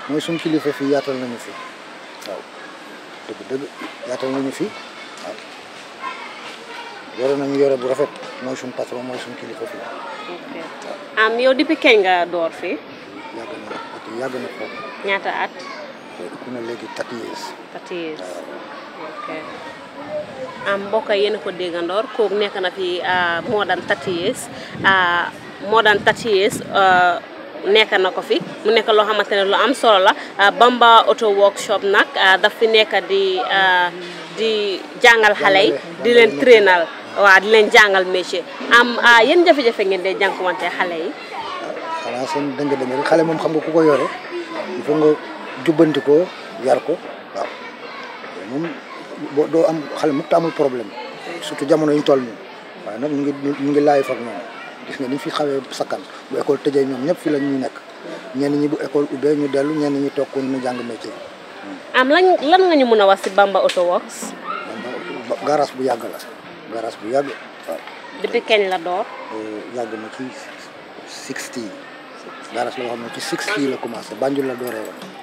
moy sun kilifa fi yatal nañu fi waaw deug deug yatal nañu fi yoro nañu yoro bu rafet moy sun patron moy sun kilifa fi am yow dipi kañ nga door fii yàgg na at na ko ñata at ku na legi tatiyes years okay years ok am mbokk yéen a ko déggandoor kooku nekk na fi ah, moo daan thirty years ah, moo daan years ah, nekk na ko fi mu nekk loo xamante ne lu am solo la ah, Bamba auto workshop nag ah, daf fi nekk di ah, di jàngal xale yi di leen trainal waaw di leen jàngal métier am yan jafe-jafe ngeen dee jànkuwante xale yi. xanaa seen dëng xale moom xam nga ku ko yore il faut nga jubbanti ko yar ko waaw moom doo am xale mu amul problème surtout jamono yi ñu toll nii ñu ngi ñu ngi laay fag gis nga ni fi xawee sakkan bu école tëjee ñoom ñëpp fi la ñu nekk ñenn ñi bu école ubbee ñu dellu ñenn ñi toog ñu jàng métier am lan lan nga ñu mën a wax si Bamba Auto Works. Bamba garage bu yàgg la garage bu yàgg waaw. depuis kañ la door. Euh, yàgg na ci sixty garage la boo xam ne ci sixty la commencé Banjul la dooree woon.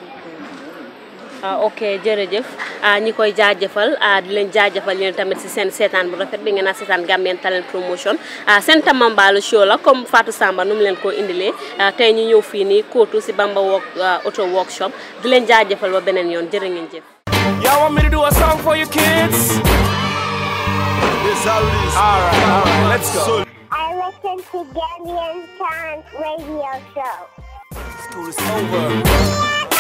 Ah, ok jërëjëf ah, ñi koy jaajëfal ah, di leen jaajëfal yéen tamit si seen sétane bu rafet bi ngeen na sétane Gambian Talent Promotion seen Tambambalu show la comme Fatou Samba num leen ko indilee tay ñu ñëw fii nii kóotu si Bamba walk auto workshop di leen jaajëfal ba benen yoon jërë ngeen jëf. Y'all want me to do a song for your kids? is. All right, all right, let's go. I listen to Gambian Talent Radio Show. School is over.